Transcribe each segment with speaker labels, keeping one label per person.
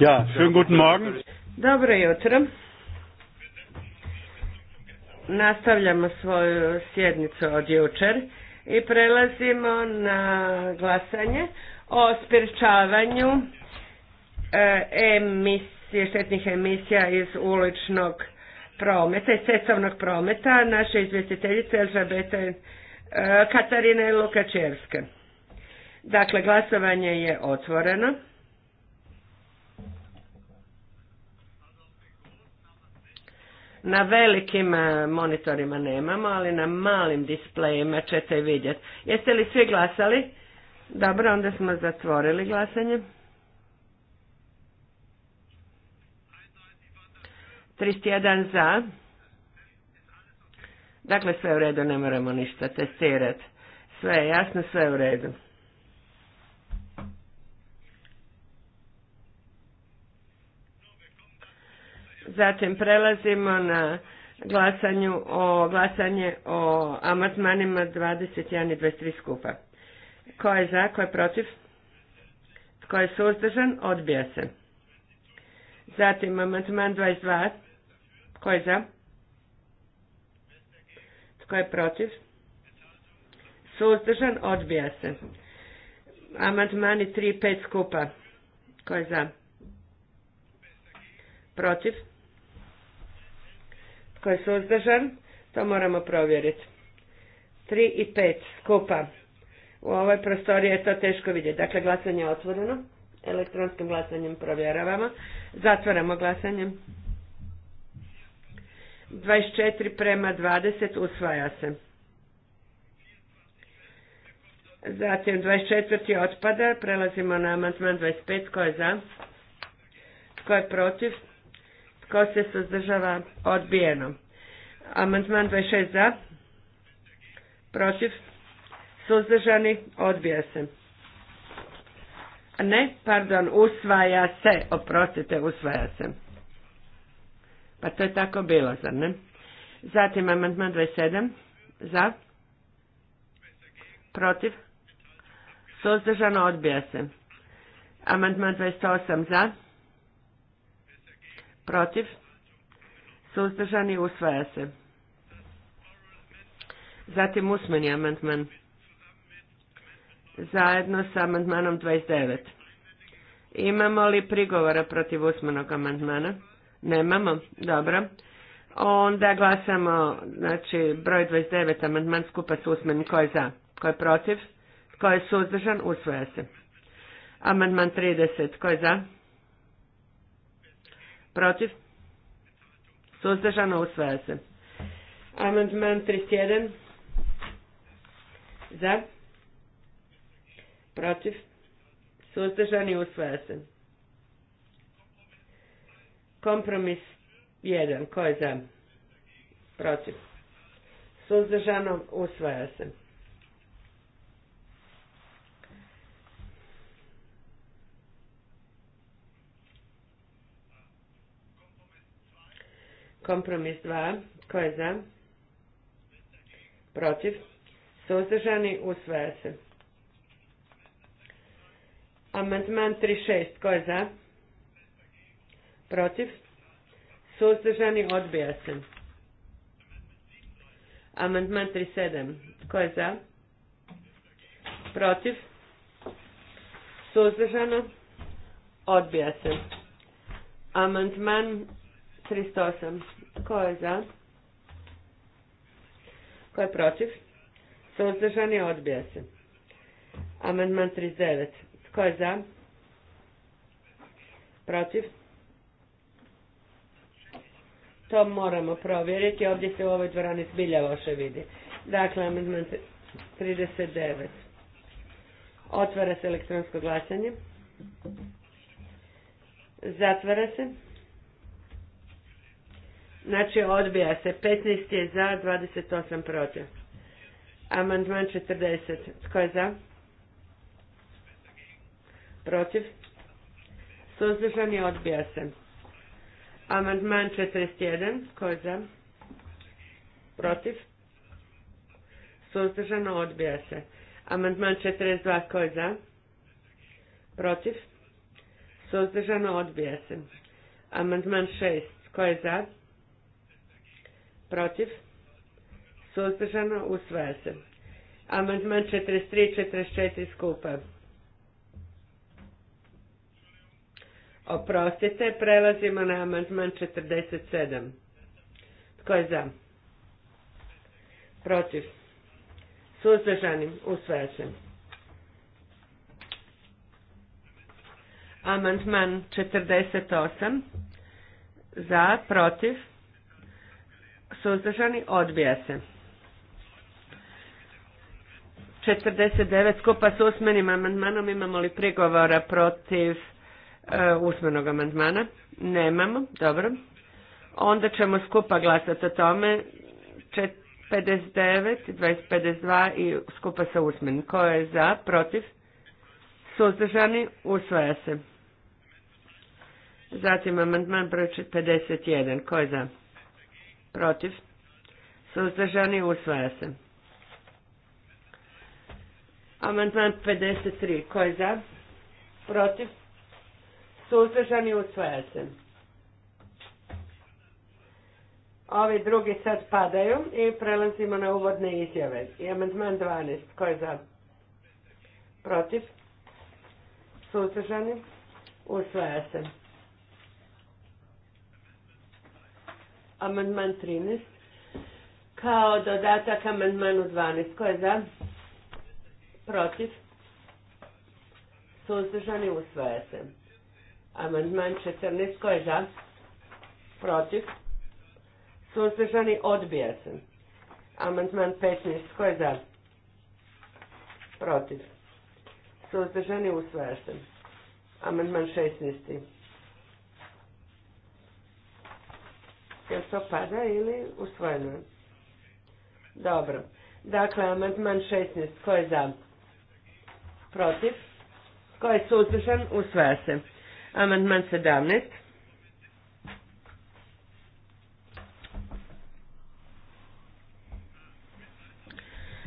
Speaker 1: Ja, schönen guten Morgen.
Speaker 2: Dobro jutro. Nastavljamo svoju sjednicu od jučer i prelazimo na glasanje o sprječavanju e, emisije, štetnih emisija iz uličnog prometa, i cestovnog prometa, naše izvjestiteljice Elžabete e, Katarine Lukačevske. Dakle, glasovanje je otvoreno. Na velikim e, monitorima nemamo, ali na malim displejima ćete vidjeti. Jeste li svi glasali? Dobro, onda smo zatvorili glasanje. 31 za. Dakle, sve u redu, ne moramo ništa testirati. Sve je jasno, sve je u redu. Zatim prelazimo na glasanju o, glasanje o amatmanima 21 i 23 skupa. Ko je za, ko je protiv? ko je suzdržan? Odbija se. Zatim amatman 22. ko je za? ko je protiv? Suzdržan? Odbija se. Amatmani 3 i 5 skupa. ko je za? Protiv? Tko je suzdržan? To moramo provjeriti. 3 i 5 skupa. U ovoj prostoriji je to teško vidjeti. Dakle, glasanje je otvoreno. Elektronskim glasanjem provjeravamo. Zatvaramo glasanje. 24 prema 20 usvaja se. Zatim 24. otpada. Prelazimo na amantman 25. Tko je za? Tko je protiv? Tko se suzdržava? Odbijeno. Amandman 26 za. Protiv. Suzdržani. Odbija se. Ne, pardon, usvaja se. Oprostite, usvaja se. Pa to je tako bilo, zar ne? Zatim amandman 27. Za. Protiv. Suzdržano odbija se. Amandman 28 za protiv, suzdržani, usvaja se. Zatim usmeni amandman, zajedno sa amandmanom 29. Imamo li prigovora protiv usmenog amandmana? Nemamo, dobro. Onda glasamo, znači, broj 29, amandman skupa s usmenim. Ko je za? Ko je protiv? ko je suzdržan? usvaja se. Amandman 30. ko je za? Protiv? Suzdržano usvaja se. Amandman 31. Za? Protiv? Suzdržani usvaja se. Kompromis 1. Ko je za? Protiv? Suzdržano usvaja se. Kompromis 2. Ko je za? Protiv? Suzdržani? Usvaja se. Amandman 3.6. Ko je za? Protiv? Suzdržani? Odbija se. Amandman 3.7. Ko je za? Protiv? Suzdržano? Odbija se. Amandman 308. Tko je za? Tko je protiv? Suzdržani odbija se. Amandman 39. Tko je za? Protiv? To moramo provjeriti. Ovdje se u ovoj dvorani zbilja loše vidi. Dakle, amandman 39. Otvara se elektronsko glasanje. Zatvara se. Znači odbija se. 15 je za, 28 protiv. Amandman 40. Tko je za? Protiv? Suzdržan je odbija se. Amandman 41. Tko je za? Protiv? Suzdržano odbija se. Amandman 42. Tko je za? Protiv? Suzdržano odbija se. Amandman 6. Tko je za? protiv, suzdržano, usvaja se. Amandman 43 44 skupa. Oprostite, prelazimo na amandman 47. Tko je za? Protiv. Suzdržanim. Usvaja se. Amandman 48. Za, protiv suzdržani, odbija se. 49 skupa s usmenim amandmanom imamo li prigovora protiv e, usmenog amandmana? Nemamo, dobro. Onda ćemo skupa glasati o tome. 59, 52 i skupa sa usmenim. Ko je za, protiv? Suzdržani, usvaja se. Zatim amandman broj 51. Ko je za? protiv, suzdržani, usvaja se. Amandman 53, ko je za, protiv, suzdržani, usvaja se. Ovi drugi sad padaju i prelazimo na uvodne izjave. I amandman 12, ko je za, protiv, suzdržani, usvaja se. amandman 13 kao dodatak amandmanu 12. Ko je za? Protiv? Suzdržani usvoja se. Amandman 14. Ko je za? Protiv? Suzdržani odbija se. Amandman 15. Ko je za? Protiv? Suzdržani usvoja se. Amandman 16. Jel to pada ili usvojeno? Dobro. Dakle, amandman 16. Ko je za? Protiv? Ko je suzdržan? Usvaja se. Amandman 17.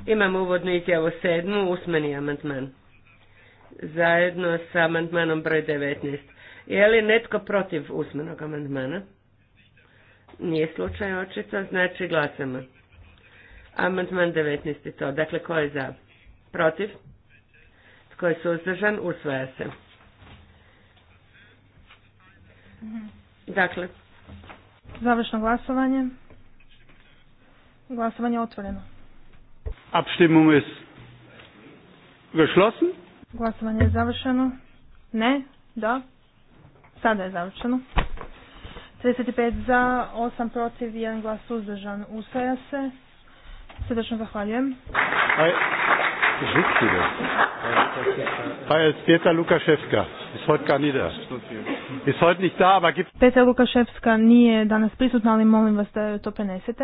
Speaker 2: Imamo uvodnu izjavu sedmu, usmeni amandman. Zajedno sa amandmanom broj 19. Je li netko protiv usmenog amandmana? Nije slučaj očito, znači glasamo. Amandman 19. to, dakle ko je za? Protiv? Tko je suzdržan? Usvaja se.
Speaker 3: Dakle. Završno glasovanje. Glasovanje otvoreno.
Speaker 1: Abstimmung ist geschlossen.
Speaker 3: Glasovanje je završeno. Ne, da. Sada je završeno. 35 za, 8 protiv, 1 glas uzdržan. Ustaja se. Srdečno zahvaljujem.
Speaker 1: Pa Peter Lukaševska
Speaker 3: Lukaševska nije danas prisutna, ali molim vas da to prenesete.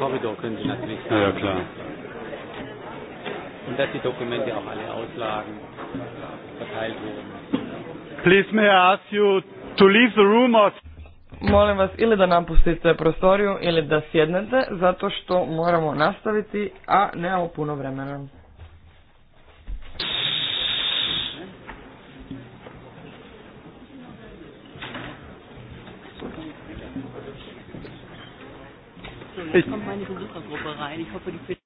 Speaker 1: Korridor können Sie natürlich sagen. Ja, klar. Und dass die Dokumente auch alle auslagen, verteilt wurden. Please may I ask you to
Speaker 4: leave the room or... Molim vas ili da napustite
Speaker 1: prostoriju
Speaker 4: ili da sjednete, zato što moramo nastaviti, a nemamo puno vremena.
Speaker 2: Hey rein. Ich hoffe, die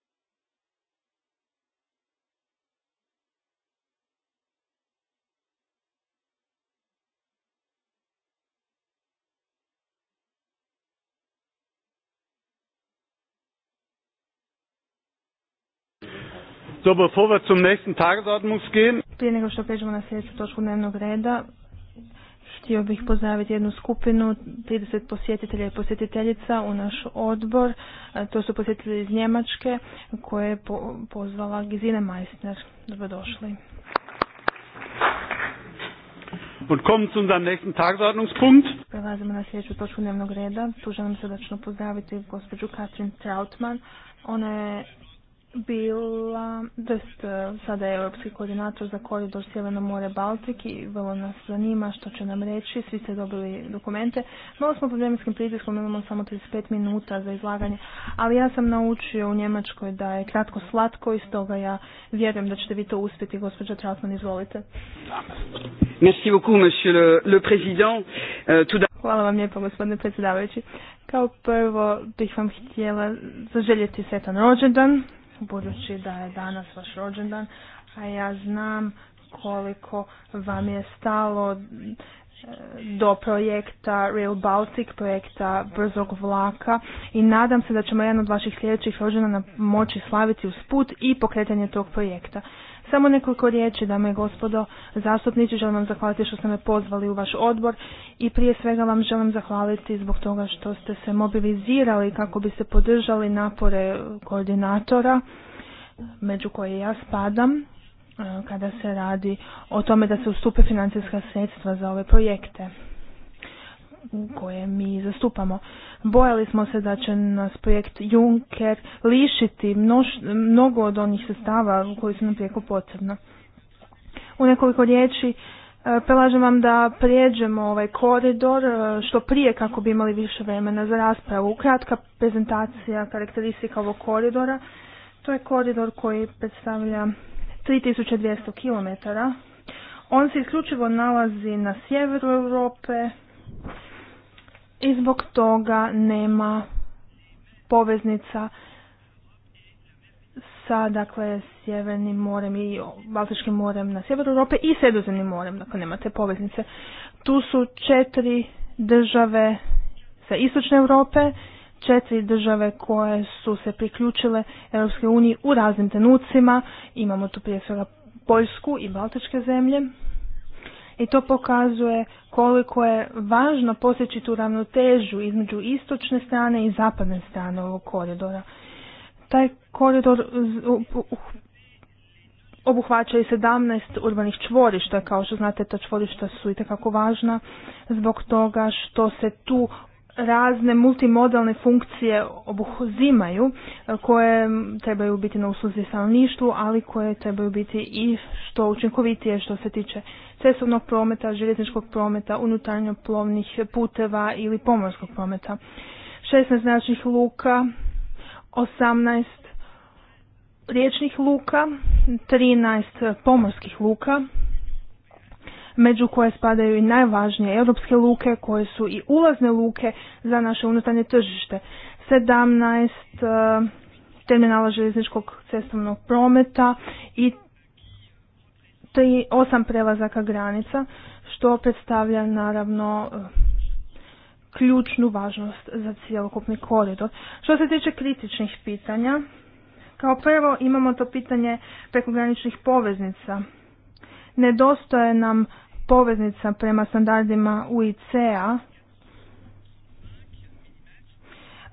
Speaker 1: So, bevor wir zum nächsten Tagesordnungspunkt
Speaker 3: gehen. reda, Htio bih pozdraviti jednu skupinu 30 posjetitelja i posjetiteljica u naš odbor. E, to su posjetitelji iz Njemačke koje je pozvala Gizine Meissner. Dobrodošli.
Speaker 1: Und kommen zu unserem nächsten Tagesordnungspunkt.
Speaker 3: Prelazimo na sljedeću točku dnevnog reda. Tu želim srdačno pozdraviti gospođu Katrin Trautmann. Ona je bila, tj. E, sada je europski koordinator za koridor Sjeverno more Baltik i vrlo nas zanima što će nam reći, svi ste dobili dokumente. Malo smo pod vremenskim pritiskom, imamo samo 35 minuta za izlaganje, ali ja sam naučio u Njemačkoj da je kratko slatko i stoga ja vjerujem da ćete vi to uspjeti, gospođa Trautmann, izvolite.
Speaker 1: Merci beaucoup,
Speaker 4: le, le euh,
Speaker 3: Hvala vam lijepo, gospodine predsjedavajući. Kao prvo bih vam htjela zaželjeti setan rođendan, budući da je danas vaš rođendan, a ja znam koliko vam je stalo e, do projekta Real Baltic, projekta brzog vlaka i nadam se da ćemo jedan od vaših sljedećih rođena moći slaviti usput i pokretanje tog projekta. Samo nekoliko riječi, dame i gospodo, zastupnici, želim vam zahvaliti što ste me pozvali u vaš odbor i prije svega vam želim zahvaliti zbog toga što ste se mobilizirali kako biste podržali napore koordinatora, među koje ja spadam, e, kada se radi o tome da se ustupe financijska sredstva za ove projekte koje mi zastupamo. Bojali smo se da će nas projekt Juncker lišiti mnogo od onih sestava koji su nam prijeko potrebna. U nekoliko riječi e, Prelažem vam da prijeđemo ovaj koridor e, što prije kako bi imali više vremena za raspravu. Kratka prezentacija karakteristika ovog koridora. To je koridor koji predstavlja 3200 km. On se isključivo nalazi na sjeveru Europe, i zbog toga nema poveznica sa dakle Sjevernim morem i Baltičkim morem na sjeveru Europe i Sredozemnim morem, dakle nema te poveznice. Tu su četiri države sa istočne Europe, četiri države koje su se priključile Europske unije u raznim trenucima. Imamo tu prije svega Poljsku i Baltičke zemlje, i to pokazuje koliko je važno posjeći tu ravnotežu između istočne strane i zapadne strane ovog koridora. Taj koridor obuhvaća i 17 urbanih čvorišta. Kao što znate, ta čvorišta su i važna zbog toga što se tu razne multimodalne funkcije obuhuzimaju e, koje trebaju biti na usluzi stanovništvu, ali koje trebaju biti i što učinkovitije što se tiče cestovnog prometa, željezničkog prometa, unutarnjo plovnih puteva ili pomorskog prometa. 16 značnih luka, 18 riječnih luka, 13 pomorskih luka, među koje spadaju i najvažnije europske luke koje su i ulazne luke za naše unutarnje tržište. 17 e, terminala željezničkog cestovnog prometa i 8 prelazaka granica, što predstavlja naravno e, ključnu važnost za cjelokupni koridor. Što se tiče kritičnih pitanja, kao prvo imamo to pitanje prekograničnih poveznica. Nedostaje nam poveznica prema standardima UIC-a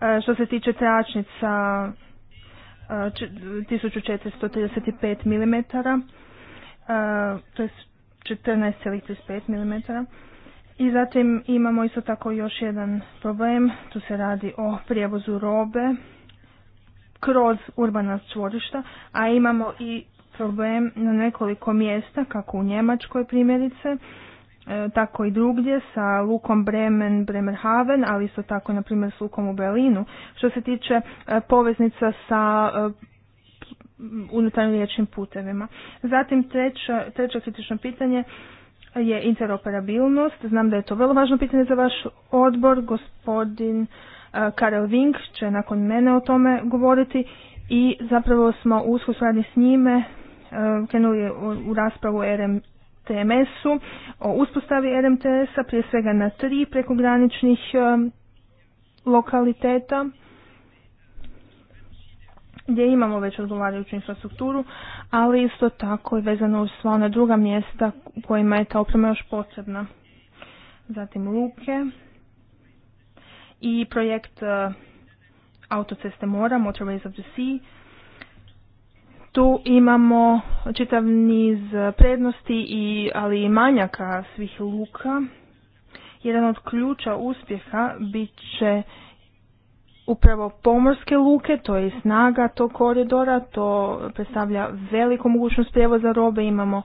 Speaker 3: e, što se tiče tračnica 1435 e, mm, e, to je 14,35 mm. I zatim imamo isto tako još jedan problem, tu se radi o prijevozu robe kroz urbana čvorišta, a imamo i problem na nekoliko mjesta, kako u Njemačkoj primjerice, e, tako i drugdje sa lukom Bremen, Bremerhaven, ali isto tako na primjer s lukom u Berlinu. Što se tiče e, poveznica sa e, unutarnjim riječnim putevima. Zatim treća, treće kritično pitanje je interoperabilnost. Znam da je to vrlo važno pitanje za vaš odbor. Gospodin Karel Vink će nakon mene o tome govoriti i zapravo smo usko s njime krenuli u raspravu o RMTMS-u, o uspostavi RMTS-a, prije svega na tri prekograničnih e, lokaliteta gdje imamo već odgovarajuću infrastrukturu, ali isto tako i vezano uz sva ona druga mjesta u kojima je ta oprema još potrebna. Zatim luke i projekt e, autoceste mora, Motorways of the Sea, tu imamo čitav niz prednosti i ali i manjaka svih luka. Jedan od ključa uspjeha bit će upravo pomorske luke, to je snaga tog koridora, to predstavlja veliku mogućnost prijevoza robe. Imamo e,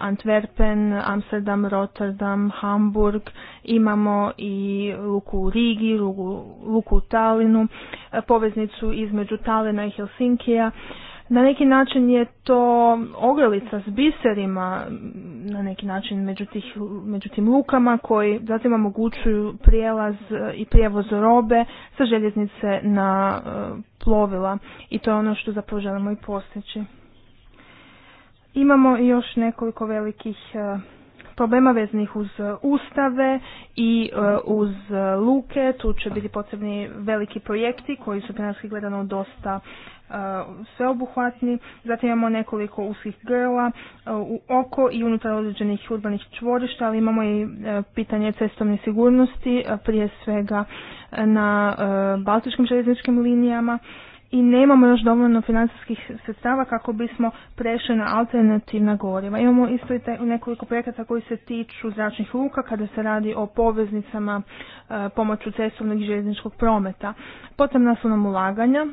Speaker 3: Antwerpen, Amsterdam, Rotterdam, Hamburg, imamo i luku u Rigi, luku, u Talinu, e, poveznicu između Talina i Helsinkija. Na neki način je to ogrlica s biserima, na neki način među, tih, među tim lukama koji zatim omogućuju prijelaz e, i prijevoz robe sa željeznice na e, plovila i to je ono što zapravo želimo i postići. Imamo još nekoliko velikih e, problema veznih uz e, ustave i e, uz e, luke. Tu će biti potrebni veliki projekti koji su finanski gledano dosta sveobuhvatni. Zatim imamo nekoliko uskih grla u oko i unutar određenih urbanih čvorišta, ali imamo i pitanje cestovne sigurnosti, prije svega na baltičkim željezničkim linijama i nemamo još dovoljno financijskih sredstava kako bismo prešli na alternativna goriva. Imamo isto i nekoliko projekata koji se tiču zračnih luka kada se radi o poveznicama e, pomoću cestovnog i željezničkog prometa. Potrebna su nam ulaganja.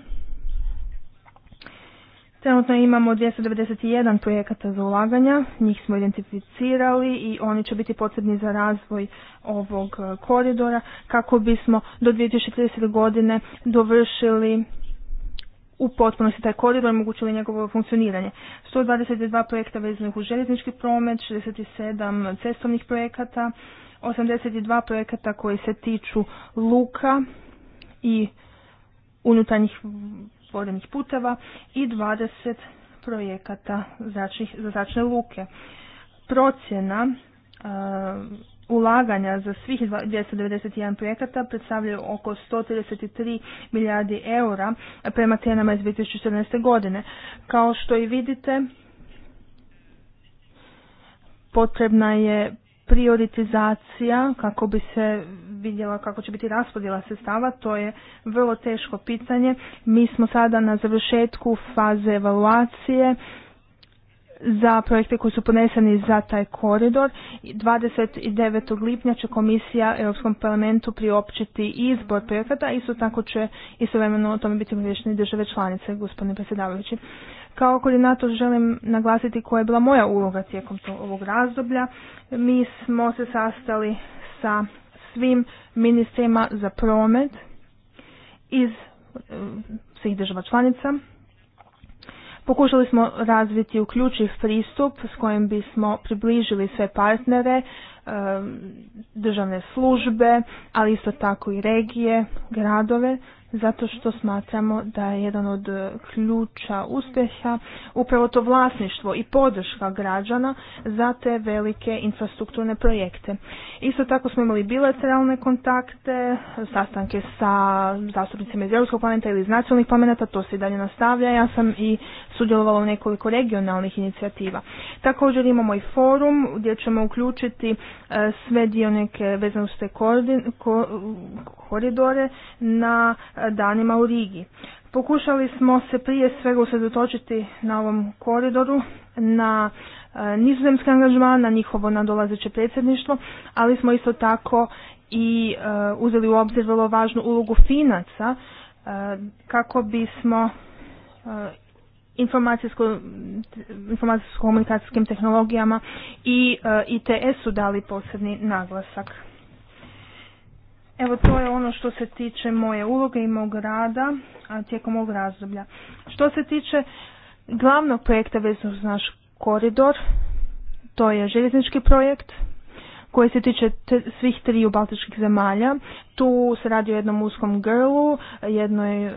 Speaker 3: Trenutno imamo 291 projekata za ulaganja, njih smo identificirali i oni će biti potrebni za razvoj ovog koridora kako bismo do 2030. godine dovršili u potpunosti taj koridor omogućili njegovo funkcioniranje. 122 projekta vezanih u željeznički promet, 67 cestovnih projekata, 82 projekata koji se tiču luka i unutarnjih vodenih puteva i 20 projekata za zračne luke. Procjena ulaganja za svih 291 projekata predstavljaju oko 133 milijardi eura prema cijenama iz 2014. godine. Kao što i vidite, potrebna je prioritizacija kako bi se vidjela kako će biti raspodjela sredstava, to je vrlo teško pitanje. Mi smo sada na završetku faze evaluacije za projekte koji su poneseni za taj koridor. 29. lipnja će komisija Europskom parlamentu priopćiti izbor projekata, isto tako će istovremeno o tome biti uvješteni države članice, gospodine predsjedavajući. Kao koordinator želim naglasiti koja je bila moja uloga tijekom tog, ovog razdoblja. Mi smo se sastali sa svim ministrima za promet iz eh, svih država članica Pokušali smo razviti uključiv pristup s kojim bismo približili sve partnere, e, državne službe, ali isto tako i regije, gradove, zato što smatramo da je jedan od e, ključa uspjeha upravo to vlasništvo i podrška građana za te velike infrastrukturne projekte. Isto tako smo imali bilateralne kontakte, sastanke sa zastupnicima iz Europskog parlamenta ili iz nacionalnih parlamenta, to se i dalje nastavlja. Ja sam i sudjelovala u nekoliko regionalnih inicijativa. Također imamo i forum gdje ćemo uključiti e, sve dionike vezano uz koridore na danima u Rigi. Pokušali smo se prije svega usredotočiti na ovom koridoru, na e, nizozemski angažman, na njihovo nadolazeće predsjedništvo, ali smo isto tako i e, uzeli u obzir vrlo važnu ulogu finaca e, kako bismo informacijsko-komunikacijskim tehnologijama i ITS-u dali posebni naglasak. Evo to je ono što se tiče moje uloge i mog rada a tijekom mog razdoblja. Što se tiče glavnog projekta vezano za naš koridor, to je željeznički projekt, koje se tiče svih triju baltičkih zemalja. Tu se radi o jednom uskom grlu, jednoj um,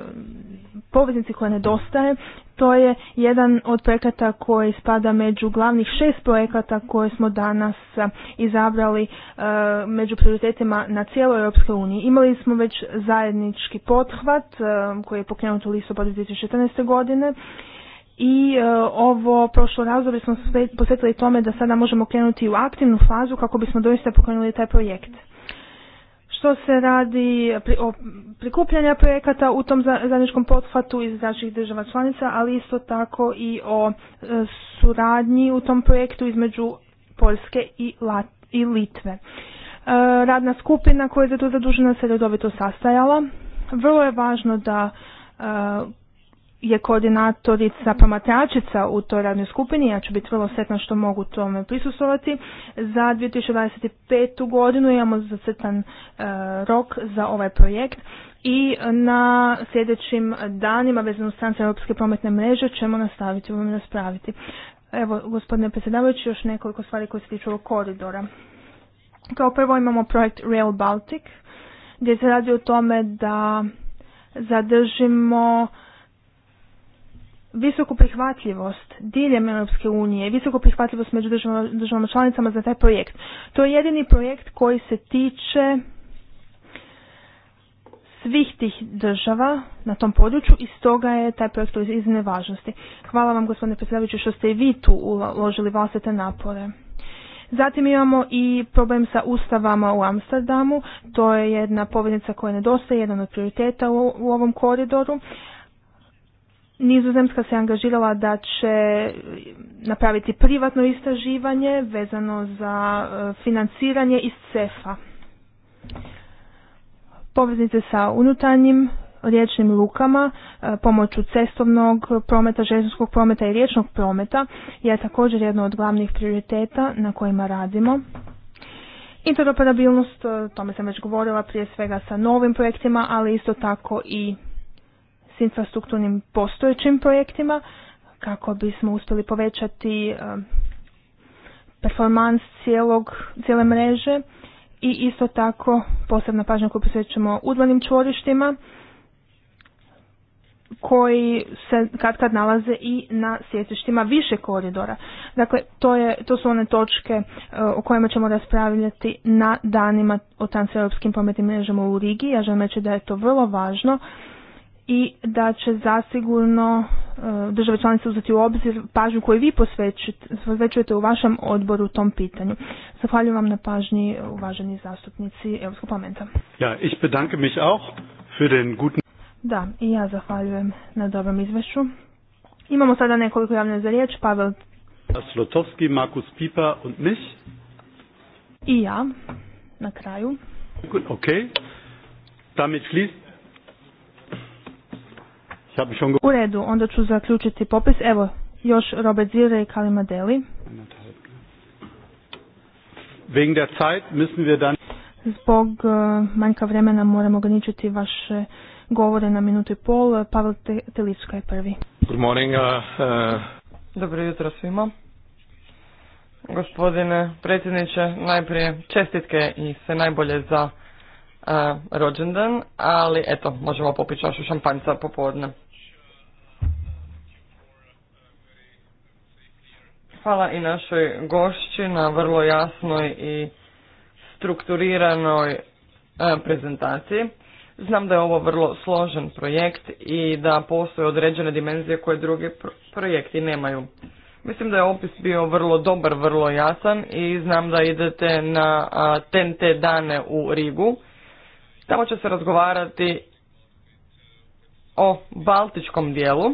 Speaker 3: poveznici koja nedostaje. To je jedan od projekata koji spada među glavnih šest projekata koje smo danas um, izabrali uh, među prioritetima na cijeloj Europskoj uniji. Imali smo već zajednički pothvat um, koji je pokrenut u listopadu 2014. godine i e, ovo prošlo razdoblje smo posvetili tome da sada možemo krenuti u aktivnu fazu kako bismo doista pokrenuli taj projekt. Što se radi pri, o prikupljanja projekata u tom zajedničkom pothvatu iz naših država članica, ali isto tako i o e, suradnji u tom projektu između Poljske i, i Litve. E, radna skupina koja je za to zadužena se redovito sastajala. Vrlo je važno da je koordinatorica promatračica u toj radnoj skupini, ja ću biti vrlo sretna što mogu tome prisustovati. Za 2025. godinu imamo zacrtan e, rok za ovaj projekt i na sljedećim danima vezano s Europske prometne mreže ćemo nastaviti u raspraviti. Evo, gospodine predsjedavajući, još nekoliko stvari koje se tiču koridora. Kao prvo imamo projekt Rail Baltic, gdje se radi o tome da zadržimo visoku prihvatljivost diljem Europske unije, visoku prihvatljivost među državama, članicama za taj projekt. To je jedini projekt koji se tiče svih tih država na tom području i stoga je taj projekt iz iznimne Hvala vam gospodine predsjedavajući što ste i vi tu uložili vlastite napore. Zatim imamo i problem sa ustavama u Amsterdamu, to je jedna poveznica koja nedostaje, jedan od prioriteta u ovom koridoru, Nizozemska se angažirala da će napraviti privatno istraživanje vezano za e, financiranje iz CEFA. Poveznice sa unutarnjim riječnim lukama e, pomoću cestovnog prometa, željezničkog prometa i riječnog prometa je također jedno od glavnih prioriteta na kojima radimo. Interoperabilnost, e, tome sam već govorila prije svega sa novim projektima, ali isto tako i infrastrukturnim postojećim projektima kako bismo uspjeli povećati e, performans cijelog, cijele mreže i isto tako posebna pažnja koju posvećamo udvanim čvorištima koji se kad kad nalaze i na sjecištima više koridora. Dakle, to, je, to su one točke e, o kojima ćemo raspravljati na danima o transeuropskim prometnim mrežama u Rigi. Ja želim reći da je to vrlo važno i da će zasigurno e, države članice uzeti u obzir pažnju koju vi posvećujete u vašem odboru u tom pitanju. Zahvaljujem vam na pažnji uvaženi zastupnici Europskog parlamenta.
Speaker 1: Ja, ich bedanke mich auch für den guten...
Speaker 3: Da, i ja zahvaljujem na dobrom izvješću. Imamo sada nekoliko javne za riječ. Pavel
Speaker 1: Slotovski, Markus Pipa und mich.
Speaker 3: I ja, na kraju.
Speaker 1: Ok, damit schließt
Speaker 3: u redu, onda ću zaključiti popis. Evo, još Robert Zire i Kalima Deli. Zbog eh, manjka vremena moramo ograničiti vaše govore na minutu i pol. Pavel Telička je prvi.
Speaker 4: Good morning, eh, eh. Dobro jutro svima. Gospodine predsjedniče, najprije čestitke i se najbolje za uh, rođendan, ali eto, možemo popiti čašu šampanjca popodne. Hvala i našoj gošći na vrlo jasnoj i strukturiranoj e, prezentaciji. Znam da je ovo vrlo složen projekt i da postoje određene dimenzije koje drugi projekti nemaju. Mislim da je opis bio vrlo dobar, vrlo jasan i znam da idete na tente dane u Rigu Tamo će se razgovarati o baltičkom dijelu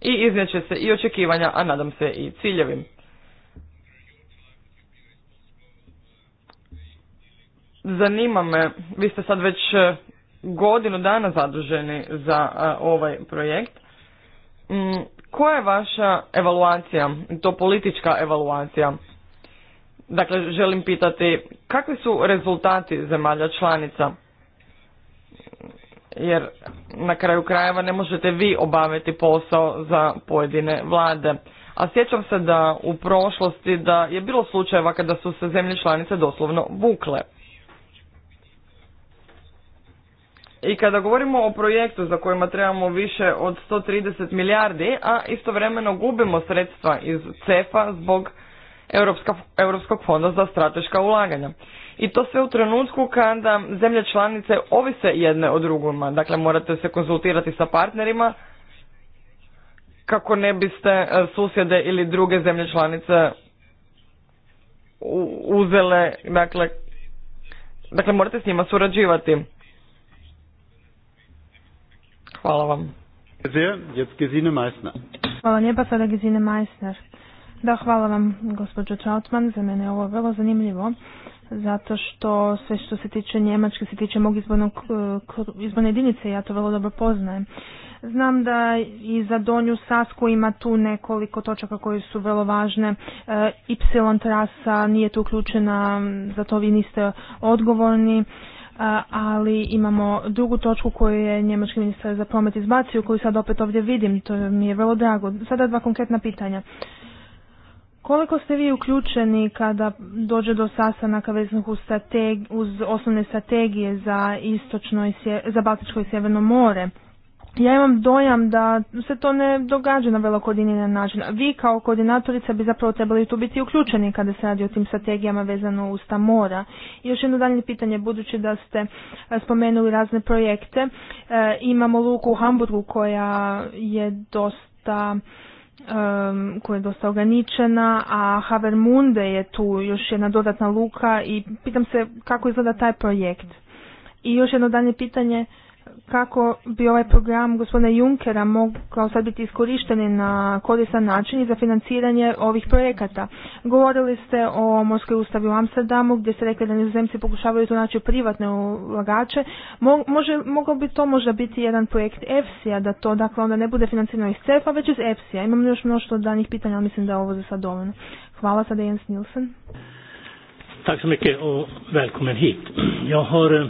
Speaker 4: i će se i očekivanja, a nadam se i ciljevi. Zanima me, vi ste sad već e, godinu dana zaduženi za e, ovaj projekt. Mm, koja je vaša evaluacija, to politička evaluacija? Dakle, želim pitati kakvi su rezultati zemalja članica? Jer na kraju krajeva ne možete vi obaviti posao za pojedine vlade. A sjećam se da u prošlosti da je bilo slučajeva kada su se zemlje članice doslovno bukle. I kada govorimo o projektu za kojima trebamo više od 130 milijardi, a istovremeno gubimo sredstva iz CEFA zbog Europskog fonda za strateška ulaganja. I to sve u trenutku kada zemlje članice ovise jedne o drugima. Dakle, morate se konzultirati sa partnerima kako ne biste e, susjede ili druge zemlje članice uzele, dakle, dakle morate s njima surađivati.
Speaker 1: Hvala vam.
Speaker 3: Hvala lijepa sada Gesine da, hvala vam gospođo Trautman, za mene je ovo vrlo zanimljivo zato što sve što se tiče Njemačke, se tiče mog izbornog, e, izborne jedinice, ja to vrlo dobro poznajem. Znam da i za Donju Sasku ima tu nekoliko točaka koje su vrlo važne. E, y trasa nije tu uključena, za to vi niste odgovorni, e, ali imamo drugu točku koju je njemački ministar za promet izbacio, koju sad opet ovdje vidim, to mi je vrlo drago. Sada dva konkretna pitanja. Koliko ste vi uključeni kada dođe do sastanaka vezanih uz, uz osnovne strategije za, istočno i za Baltičko i Sjeverno more? Ja imam dojam da se to ne događa na vrlo koordiniran način. Vi kao koordinatorica bi zapravo trebali tu biti uključeni kada se radi o tim strategijama vezano uz ta mora. I još jedno dalje pitanje, budući da ste e, spomenuli razne projekte, e, imamo luku u Hamburgu koja je dosta Um, koja je dosta ograničena, a Havermunde je tu još jedna dodatna luka i pitam se kako izgleda taj projekt. I još jedno danje pitanje, kako bi ovaj program gospodina Junkera mogao sad biti iskorišten na koristan način i za financiranje ovih projekata. Govorili ste o Morskoj ustavi u Amsterdamu gdje ste rekli da nizozemci pokušavaju to naći privatne ulagače. mogao bi to možda biti jedan projekt EFSI-a, da to dakle onda ne bude financirano iz CEF-a, već iz EFSI-a. Imam još mnoštvo danih pitanja, ali mislim da je ovo za sad dovoljno. Hvala sada Jens Nilsen.
Speaker 1: mycket och välkommen hit. Jag har... Eh,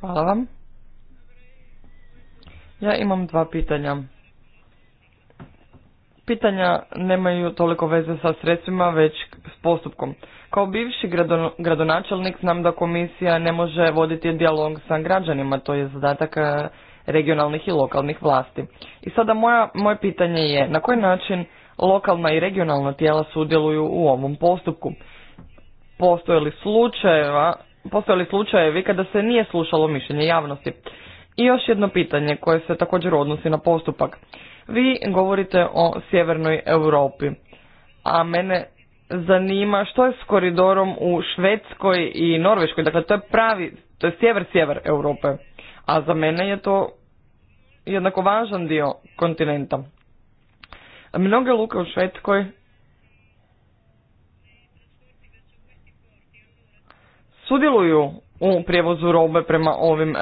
Speaker 4: Hvala vam. Ja imam dva pitanja. Pitanja nemaju toliko veze sa sredstvima, već s postupkom. Kao bivši gradonačelnik znam da komisija ne može voditi dijalog sa građanima, to je zadatak e, regionalnih i lokalnih vlasti. I sada moje pitanje je na koji način lokalna i regionalna tijela sudjeluju u ovom postupku? Postoje li slučajeva, postoje li slučajevi kada se nije slušalo mišljenje javnosti? I još jedno pitanje koje se također odnosi na postupak. Vi govorite o sjevernoj Europi, a mene zanima što je s koridorom u Švedskoj i Norveškoj. Dakle, to je pravi, to je sjever-sjever Europe, a za mene je to jednako važan dio kontinenta. Mnoge luke u Švedskoj sudjeluju u prijevozu robe prema ovim e,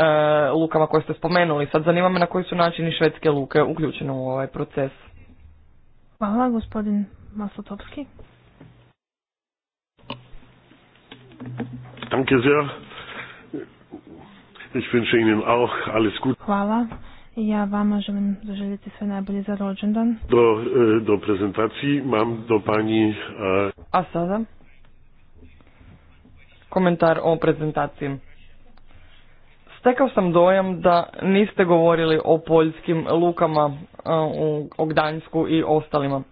Speaker 4: lukama koje ste spomenuli. Sad zanima me na koji su načini švedske luke uključene u ovaj proces.
Speaker 3: Hvala, gospodin Masotopski.
Speaker 1: Danke sehr. Ich wünsche Ihnen auch alles gut. Hvala.
Speaker 3: Ja vama želim zaželjeti sve najbolje za rođendan.
Speaker 1: Do, e, do prezentaciji mam do pani... Uh... A sada?
Speaker 4: komentar o prezentaciji. Stekao sam dojam da niste govorili o poljskim lukama e, u Ogdanjsku i ostalima.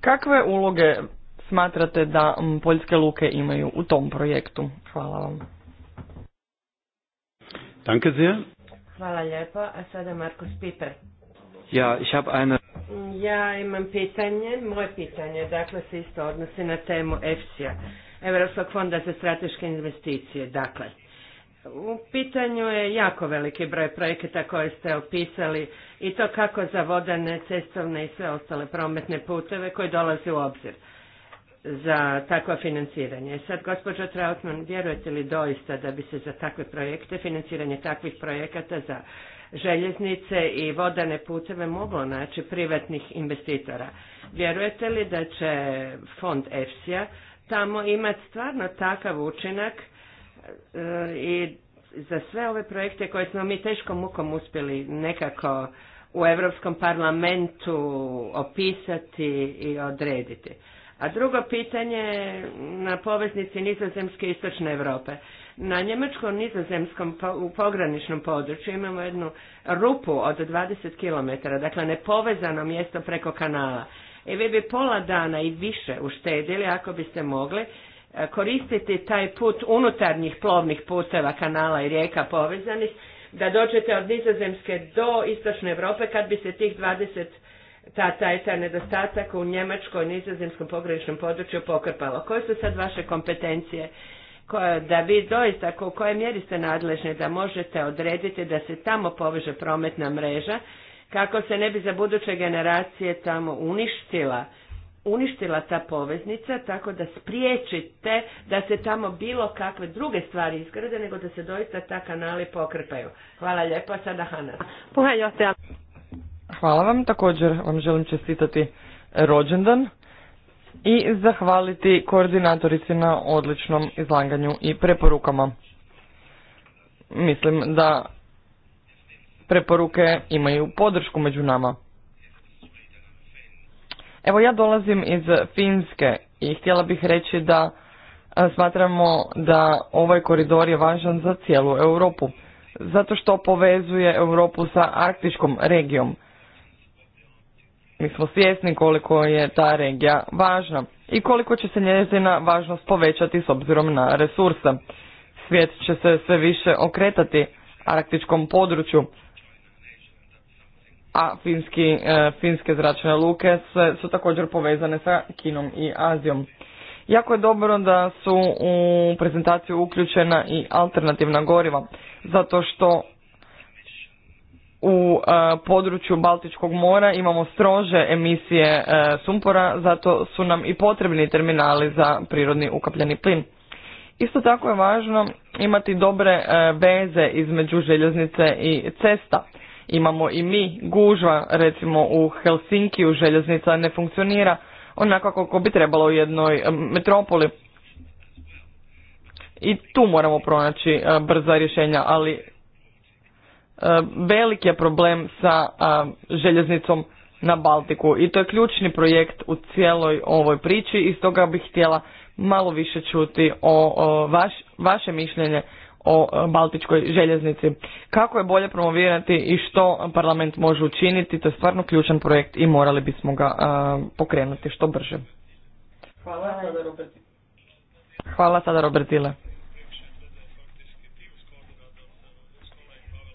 Speaker 4: Kakve uloge smatrate da poljske luke imaju u tom projektu? Hvala vam.
Speaker 1: Danke sehr.
Speaker 2: Hvala lijepo. A sada Markus Piper. Ja, Ja imam pitanje, moje pitanje, dakle se isto odnosi na temu EFSI-a. Europskog fonda za strateške investicije. Dakle, u pitanju je jako veliki broj projekata koje ste opisali i to kako za vodane, cestovne i sve ostale prometne puteve koji dolaze u obzir za takvo financiranje. Sad, gospođo Trautman, vjerujete li doista da bi se za takve projekte, financiranje takvih projekata za željeznice i vodane puteve moglo naći privatnih investitora? Vjerujete li da će fond EFSI-a tamo imati stvarno takav učinak e, i za sve ove projekte koje smo mi teškom mukom uspjeli nekako u Europskom parlamentu opisati i odrediti. A drugo pitanje na poveznici Nizozemske i Istočne Europe. Na Njemačkom nizozemskom u pograničnom području imamo jednu rupu od 20 km, dakle nepovezano mjesto preko kanala i e, vi bi pola dana i više uštedili ako biste mogli e, koristiti taj put unutarnjih plovnih puteva, kanala i rijeka povezanih, da dođete od Nizozemske do Istočne Europe kad bi se tih 20 ta, taj, taj nedostatak u Njemačkoj, nizozemskom pograničnom području pokrpalo. Koje su sad vaše kompetencije? Koje, da vi doista, u kojoj mjeri ste nadležni da možete odrediti da se tamo poveže prometna mreža kako se ne bi za buduće generacije tamo uništila uništila ta poveznica tako da spriječite da se tamo bilo kakve druge stvari izgrade nego da se doista ta kanali pokrpaju. Hvala lijepo, sada Hana.
Speaker 4: Hvala vam, također vam želim čestitati rođendan i zahvaliti koordinatorici na odličnom izlaganju i preporukama. Mislim da preporuke imaju podršku među nama. Evo ja dolazim iz Finske i htjela bih reći da e, smatramo da ovaj koridor je važan za cijelu Europu, zato što povezuje Europu sa arktičkom regijom. Mi smo svjesni koliko je ta regija važna i koliko će se njezina važnost povećati s obzirom na resurse. Svijet će se sve više okretati arktičkom području a finski, e, finske zračne luke se, su također povezane sa Kinom i Azijom. Jako je dobro da su u prezentaciju uključena i alternativna goriva, zato što u e, području Baltičkog mora imamo strože emisije e, sumpora, zato su nam i potrebni terminali za prirodni ukapljeni plin. Isto tako je važno imati dobre veze između željeznice i cesta imamo i mi gužva, recimo u Helsinkiju željeznica ne funkcionira onako kako bi trebalo u jednoj metropoli. I tu moramo pronaći e, brza rješenja, ali e, velik je problem sa e, željeznicom na Baltiku i to je ključni projekt u cijeloj ovoj priči i stoga bih htjela malo više čuti o, vaše mišljenje o e, Baltičkoj željeznici. Kako je bolje promovirati i što parlament može učiniti, to je stvarno ključan projekt i morali bismo ga e, pokrenuti što brže. Hvala Hvala sada Robert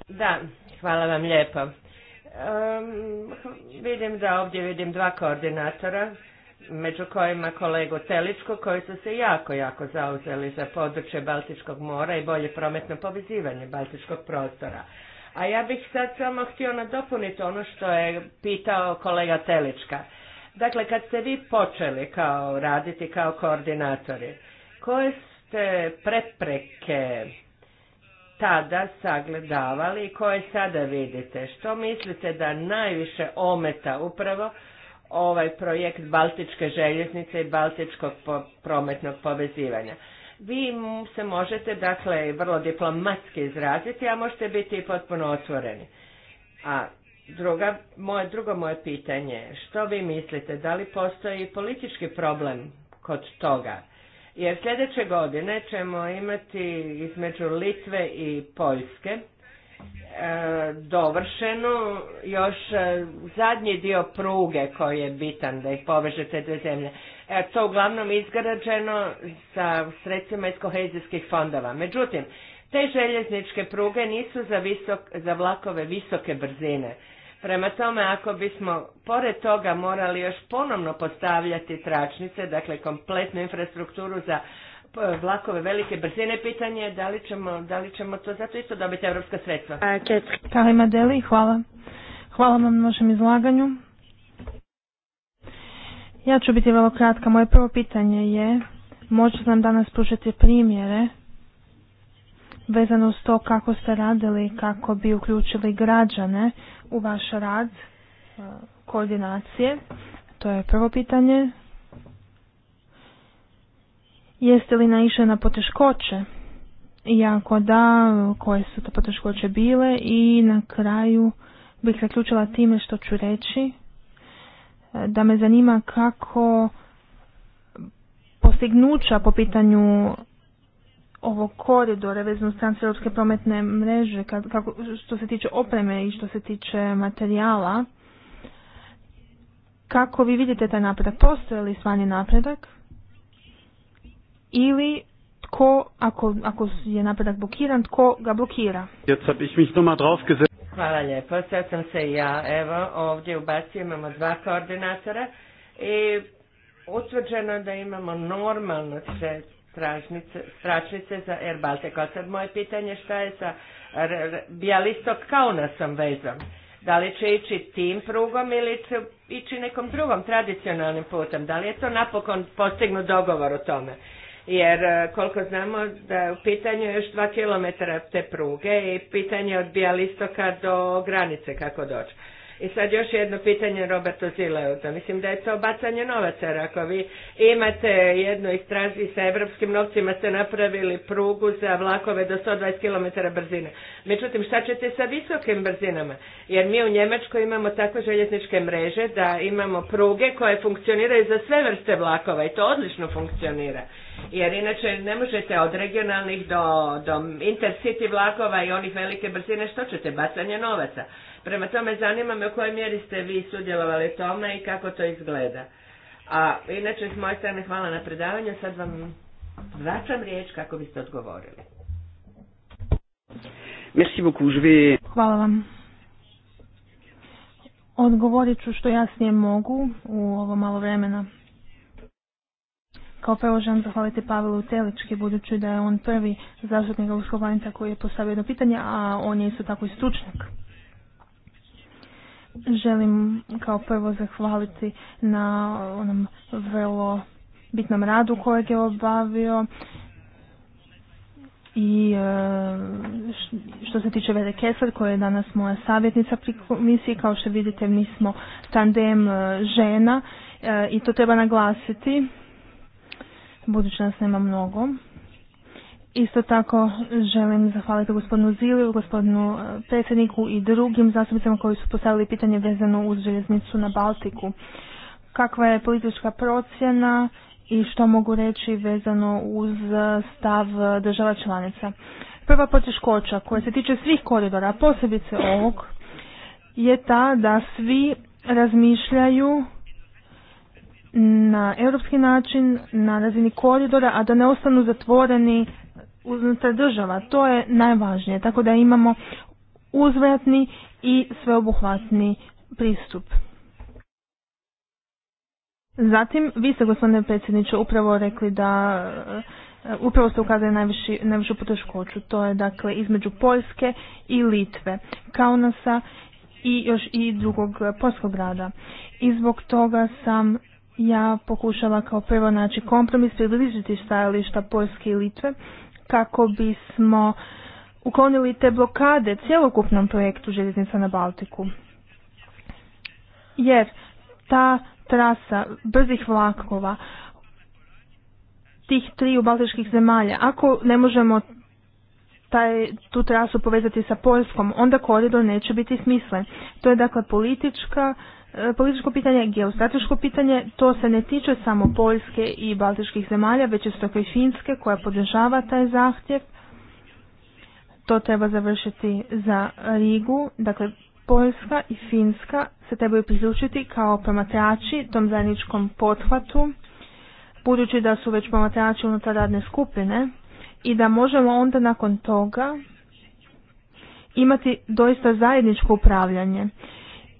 Speaker 2: Da, hvala vam lijepo. vidim da ovdje vidim dva koordinatora među kojima kolegu Teličku, koji su se jako, jako zauzeli za područje Baltičkog mora i bolje prometno povezivanje Baltičkog prostora. A ja bih sad samo htio nadopuniti ono što je pitao kolega Telička. Dakle, kad ste vi počeli kao raditi kao koordinatori, koje ste prepreke tada sagledavali i koje sada vidite? Što mislite da najviše ometa upravo ovaj projekt Baltičke željeznice i Baltičkog prometnog povezivanja. Vi se možete, dakle, vrlo diplomatski izraziti, a možete biti potpuno otvoreni. A druga, moje, drugo moje pitanje, što vi mislite, da li postoji politički problem kod toga? Jer sljedeće godine ćemo imati između Litve i Poljske dovršeno još e, zadnji dio pruge koji je bitan da ih poveže te dve zemlje. E, to uglavnom izgrađeno sa sredstvima iz kohezijskih fondova. Međutim, te željezničke pruge nisu za, visok, za vlakove visoke brzine. Prema tome, ako bismo pored toga morali još ponovno postavljati tračnice, dakle kompletnu infrastrukturu za vlakove velike brzine, pitanje da li ćemo, da li ćemo to zato isto dobiti evropska
Speaker 3: sredstva. Kalima Deli, hvala. Hvala vam na vašem izlaganju. Ja ću biti vrlo kratka. Moje prvo pitanje je, možete nam danas pružiti primjere vezano uz to kako ste radili, kako bi uključili građane u vaš rad e, koordinacije. To je prvo pitanje. Jeste li naišli na poteškoće? jako da, koje su to poteškoće bile? I na kraju bih zaključila time što ću reći e, da me zanima kako postignuća po pitanju ovog koridora vezano za europske prometne mreže kako, što se tiče opreme i što se tiče materijala kako vi vidite taj napredak? Postoje li stvarni napredak? ili tko, ako, ako je napredak blokiran, tko ga blokira.
Speaker 2: Hvala lijepo, sad sam se ja, evo, ovdje u imamo dva koordinatora i utvrđeno da imamo normalno sve stračnice za Air Baltic. sad moje pitanje šta je sa kao sam vezom? Da li će ići tim prugom ili će ići nekom drugom tradicionalnim putem? Da li je to napokon postignut dogovor o tome? jer e, koliko znamo da je u pitanju još dva kilometra te pruge i pitanje od Bijalistoka do granice kako doći. I sad još jedno pitanje Roberto Zileuta. Mislim da je to bacanje novaca, jer ako vi imate jednu istrazi sa evropskim novcima ste napravili prugu za vlakove do 120 km brzine. Međutim, šta ćete sa visokim brzinama? Jer mi u Njemačkoj imamo takve željezničke mreže da imamo pruge koje funkcioniraju za sve vrste vlakova i to odlično funkcionira. Jer inače ne možete od regionalnih do, do intercity vlakova i onih velike brzine, što ćete, bacanje novaca. Prema tome, zanima me u kojoj mjeri ste vi sudjelovali tome i kako to izgleda. A inače, s moje strane, hvala na predavanju. Sad vam vraćam riječ kako biste odgovorili.
Speaker 3: Merci beaucoup, je vais... Hvala vam. Odgovorit ću što jasnije mogu u ovo malo vremena. Kao prvo želim zahvaliti Pavelu Telički, budući da je on prvi zastupnik ruskog vanjca koji je postavio jedno pitanje, a on je isto tako i stručnjak. Želim kao prvo zahvaliti na onom vrlo bitnom radu kojeg je obavio i e, što se tiče Vede Kesar koja je danas moja savjetnica pri komisiji, kao što vidite mi smo tandem e, žena e, i to treba naglasiti budući nas nema mnogo. Isto tako želim zahvaliti gospodinu Ziliju, gospodinu e, predsjedniku i drugim zastupnicama koji su postavili pitanje vezano uz željeznicu na Baltiku. Kakva je politička procjena i što mogu reći vezano uz e, stav e, država članica? Prva poteškoća koja se tiče svih koridora, posebice ovog, je ta da svi razmišljaju na europski način, na razini koridora, a da ne ostanu zatvoreni unutar država. To je najvažnije, tako da imamo uzvratni i sveobuhvatni pristup. Zatim, vi ste gospodine predsjedniče upravo rekli da e, upravo ste ukazali najviši, najvišu poteškoću. To je dakle između Poljske i Litve, Kaunasa i još i drugog poljskog grada. I zbog toga sam ja pokušala kao prvo naći kompromis, približiti stajališta Poljske i Litve kako bismo uklonili te blokade cjelokupnom projektu željeznica na Baltiku. Jer ta trasa brzih vlakova tih triju baltičkih zemalja, ako ne možemo taj, tu trasu povezati sa Poljskom, onda koridor neće biti smislen. To je dakle politička E, političko pitanje, geostrateško pitanje, to se ne tiče samo Poljske i Baltičkih zemalja, već je stoka i Finske koja podržava taj zahtjev. To treba završiti za Rigu, dakle Poljska i Finska se trebaju prizručiti kao promatrači tom zajedničkom pothvatu, budući da su već promatrači unutar radne skupine i da možemo onda nakon toga imati doista zajedničko upravljanje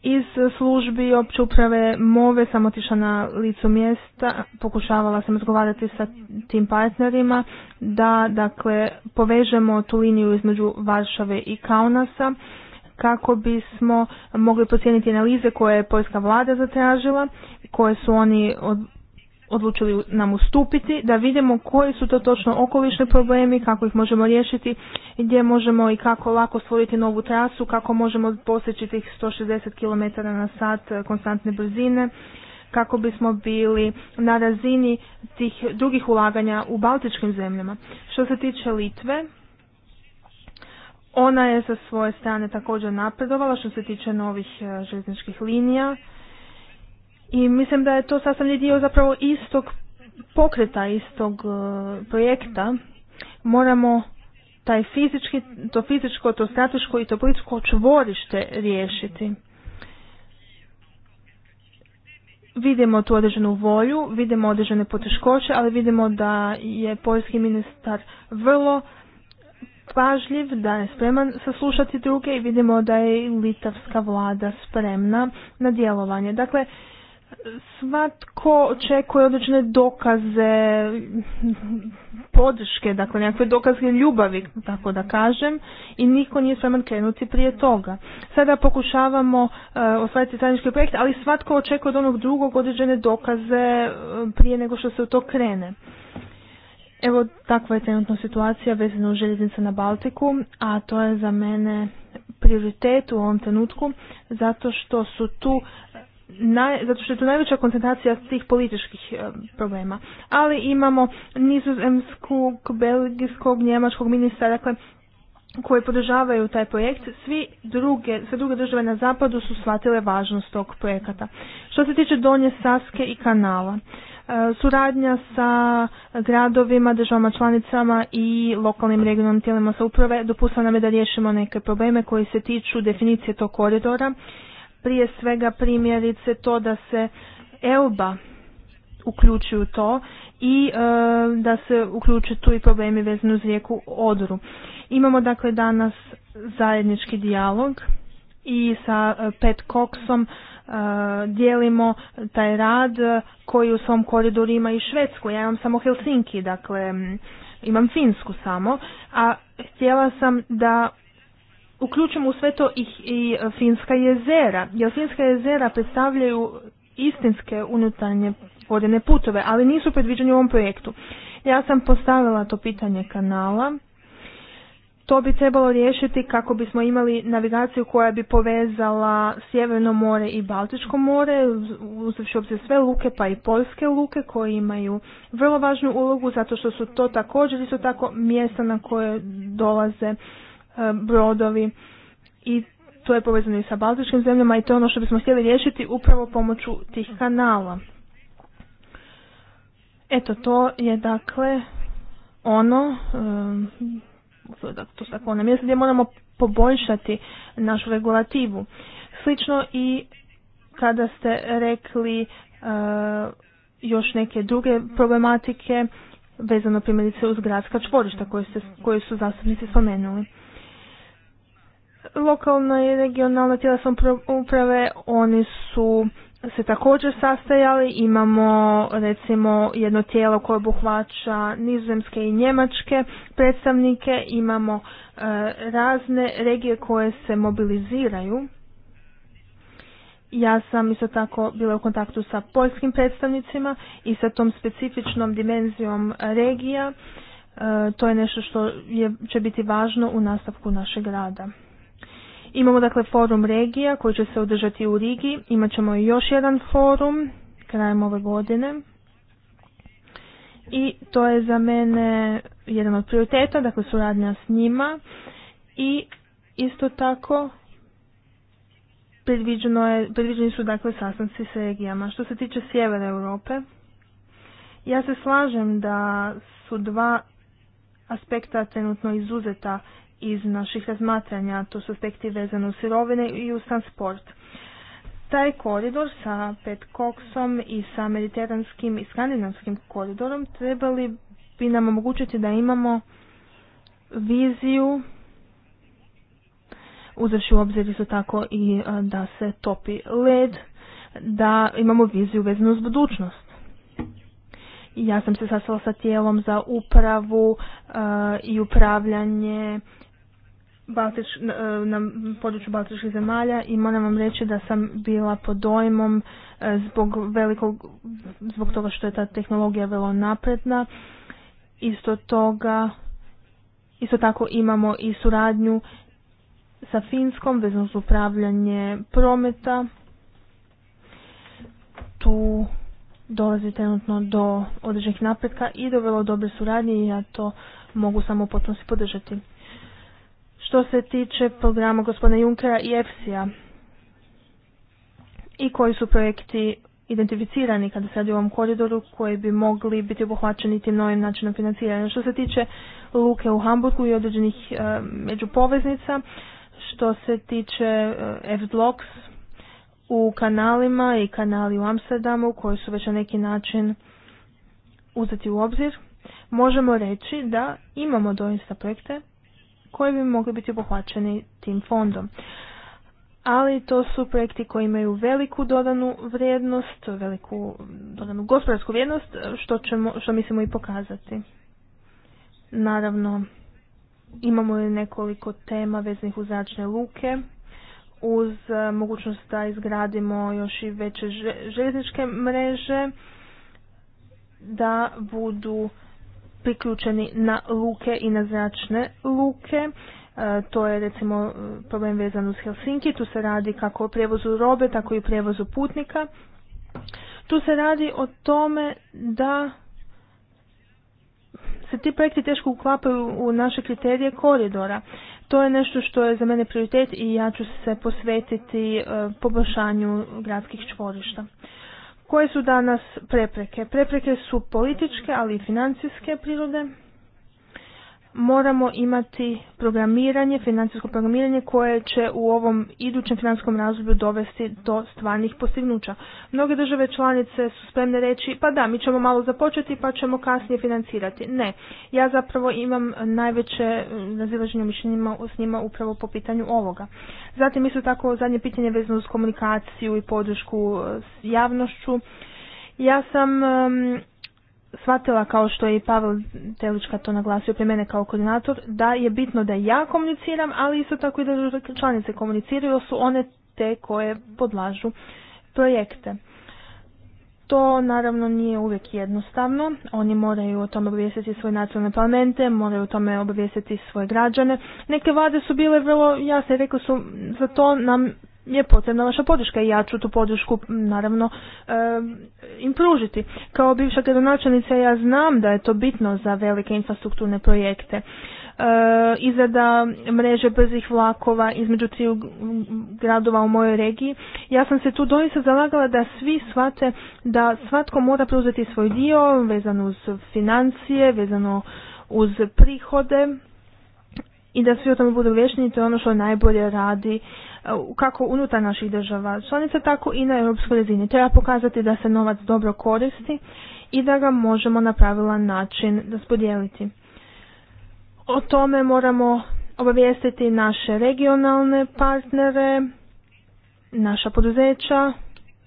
Speaker 3: iz službi opće uprave MOVE sam otišla na licu mjesta, pokušavala sam razgovarati sa tim partnerima da dakle povežemo tu liniju između Varšave i Kaunasa kako bismo mogli procijeniti analize koje je poljska vlada zatražila, koje su oni odlučili nam ustupiti, da vidimo koji su to točno okolišni problemi, kako ih možemo riješiti, gdje možemo i kako lako stvoriti novu trasu, kako možemo postići tih 160 km na sat konstantne brzine, kako bismo bili na razini tih drugih ulaganja u baltičkim zemljama. Što se tiče Litve, ona je sa svoje strane također napredovala što se tiče novih eh, željezničkih linija, i mislim da je to sastavni dio zapravo istog pokreta, istog e, projekta. Moramo taj fizički, to fizičko, to strateško i to političko čvorište riješiti. Vidimo tu određenu volju, vidimo određene poteškoće, ali vidimo da je poljski ministar vrlo pažljiv, da je spreman saslušati druge i vidimo da je litavska vlada spremna na djelovanje. Dakle, svatko očekuje određene dokaze podrške, dakle nekakve dokaze ljubavi, tako da kažem, i niko nije spreman krenuti prije toga. Sada pokušavamo uh, e, osvajati projekt, ali svatko očekuje od onog drugog određene dokaze e, prije nego što se u to krene. Evo takva je trenutno situacija vezana u željeznice na Baltiku, a to je za mene prioritet u ovom trenutku zato što su tu naj, zato što je to najveća koncentracija svih političkih eh, problema. Ali imamo nizozemskog, belgijskog, njemačkog ministra, dakle, koji podržavaju taj projekt, svi druge, sve druge države na zapadu su shvatile važnost tog projekata. Što se tiče Donje Saske i kanala, eh, suradnja sa gradovima, državama članicama i lokalnim regionalnim tijelima sa uprave dopustila nam je da riješimo neke probleme koji se tiču definicije tog koridora prije svega primjerice to da se EUBA u to i e, da se uključe tu i problemi vezani uz rijeku Odru. Imamo dakle danas zajednički dijalog i sa e, Pet Koksom e, dijelimo taj rad koji u svom koridoru ima i Švedsku. Ja imam samo Helsinki, dakle imam Finsku samo, a htjela sam da uključimo u sve to i, i e, Finska jezera, jer Finska jezera predstavljaju istinske unutarnje vodene putove, ali nisu predviđeni u ovom projektu. Ja sam postavila to pitanje kanala. To bi trebalo riješiti kako bismo imali navigaciju koja bi povezala Sjeverno more i Baltičko more, uzavši obzir sve luke pa i poljske luke koje imaju vrlo važnu ulogu zato što su to također isto tako mjesta na koje dolaze E, brodovi i to je povezano i sa baltičkim zemljama i to je ono što bismo htjeli riješiti upravo pomoću tih kanala. Eto, to je dakle ono, e, to tako ono mjesto gdje moramo poboljšati našu regulativu. Slično i kada ste rekli e, još neke druge problematike vezano primjerice uz gradska čvorišta koje, koje su zastupnici spomenuli. Lokalna i regionalna tijela uprave, oni su se također sastajali. Imamo recimo jedno tijelo koje obuhvaća nizozemske i njemačke predstavnike. Imamo e, razne regije koje se mobiliziraju. Ja sam isto tako bila u kontaktu sa poljskim predstavnicima i sa tom specifičnom dimenzijom regija. E, to je nešto što je, će biti važno u nastavku našeg rada. Imamo dakle forum regija koji će se održati u Rigi. Imat ćemo još jedan forum krajem ove godine. I to je za mene jedan od prioriteta, dakle suradnja s njima. I isto tako je, predviđeni su dakle sastanci s regijama. Što se tiče sjevera Europe, ja se slažem da su dva aspekta trenutno izuzeta iz naših razmatranja, to su aspekti vezano u sirovine i u transport. Taj koridor sa pet koksom i sa mediteranskim i skandinavskim koridorom trebali bi nam omogućiti da imamo viziju uzevši u obzir isto tako i da se topi led, da imamo viziju vezanu uz budućnost. Ja sam se sastala sa tijelom za upravu i upravljanje Baltič, e, na području Baltičkih zemalja i moram vam reći da sam bila pod dojmom e, zbog velikog, zbog toga što je ta tehnologija vrlo napredna. Isto toga, isto tako imamo i suradnju sa Finskom vezano za upravljanje prometa. Tu dolazi trenutno do određenih napretka i do vrlo dobre suradnje i ja to mogu samo potpuno podržati što se tiče programa gospodina Junkera i EFSI-a i koji su projekti identificirani kada se radi o ovom koridoru koji bi mogli biti obuhvaćeni tim novim načinom financiranja. Što se tiče luke u Hamburgu i određenih e, međupoveznica, što se tiče e, f u kanalima i kanali u Amsterdamu koji su već na neki način uzeti u obzir, možemo reći da imamo doista projekte koji bi mogli biti obuhvaćeni tim fondom. Ali to su projekti koji imaju veliku dodanu vrijednost, veliku dodanu gospodarsku vrijednost, što, ćemo, što mislimo i pokazati. Naravno, imamo i nekoliko tema veznih uz zračne luke, uz e, mogućnost da izgradimo još i veće željezničke mreže, da budu priključeni na luke i na zračne luke. E, to je recimo problem vezan uz Helsinki, tu se radi kako o prijevozu robe, tako i o prijevozu putnika. Tu se radi o tome da se ti projekti teško uklapaju u naše kriterije koridora. To je nešto što je za mene prioritet i ja ću se posvetiti e, poboljšanju gradskih čvorišta. Koje su danas prepreke? Prepreke su političke, ali i financijske prirode moramo imati programiranje, financijsko programiranje koje će u ovom idućem financijskom razdoblju dovesti do stvarnih postignuća. Mnoge države članice su spremne reći pa da, mi ćemo malo započeti pa ćemo kasnije financirati. Ne, ja zapravo imam najveće nazilaženje mišljenjima s njima upravo po pitanju ovoga. Zatim isto tako zadnje pitanje vezano uz komunikaciju i podršku e, s javnošću. Ja sam shvatila kao što je i Pavel Telička to naglasio prije mene kao koordinator, da je bitno da ja komuniciram, ali isto tako i da članice komuniciraju, su one te koje podlažu projekte. To naravno nije uvijek jednostavno, oni moraju o tome obavijestiti svoje nacionalne parlamente, moraju o tome obavijestiti svoje građane. Neke vlade su bile vrlo jasne, rekli su za to nam je potrebna vaša podrška i ja ću tu podršku naravno im pružiti. Kao bivša gradonačelnica ja znam da je to bitno za velike infrastrukturne projekte. E, izrada mreže brzih vlakova između tri gradova u mojoj regiji. Ja sam se tu doista zalagala da svi shvate da svatko mora preuzeti svoj dio vezano uz financije, vezano uz prihode i da svi o tome budu vješni, to je ono što najbolje radi kako unutar naših država članica, tako i na europskoj razini. Treba pokazati da se novac dobro koristi i da ga možemo na pravilan način raspodijeliti. O tome moramo obavijestiti naše regionalne partnere, naša poduzeća,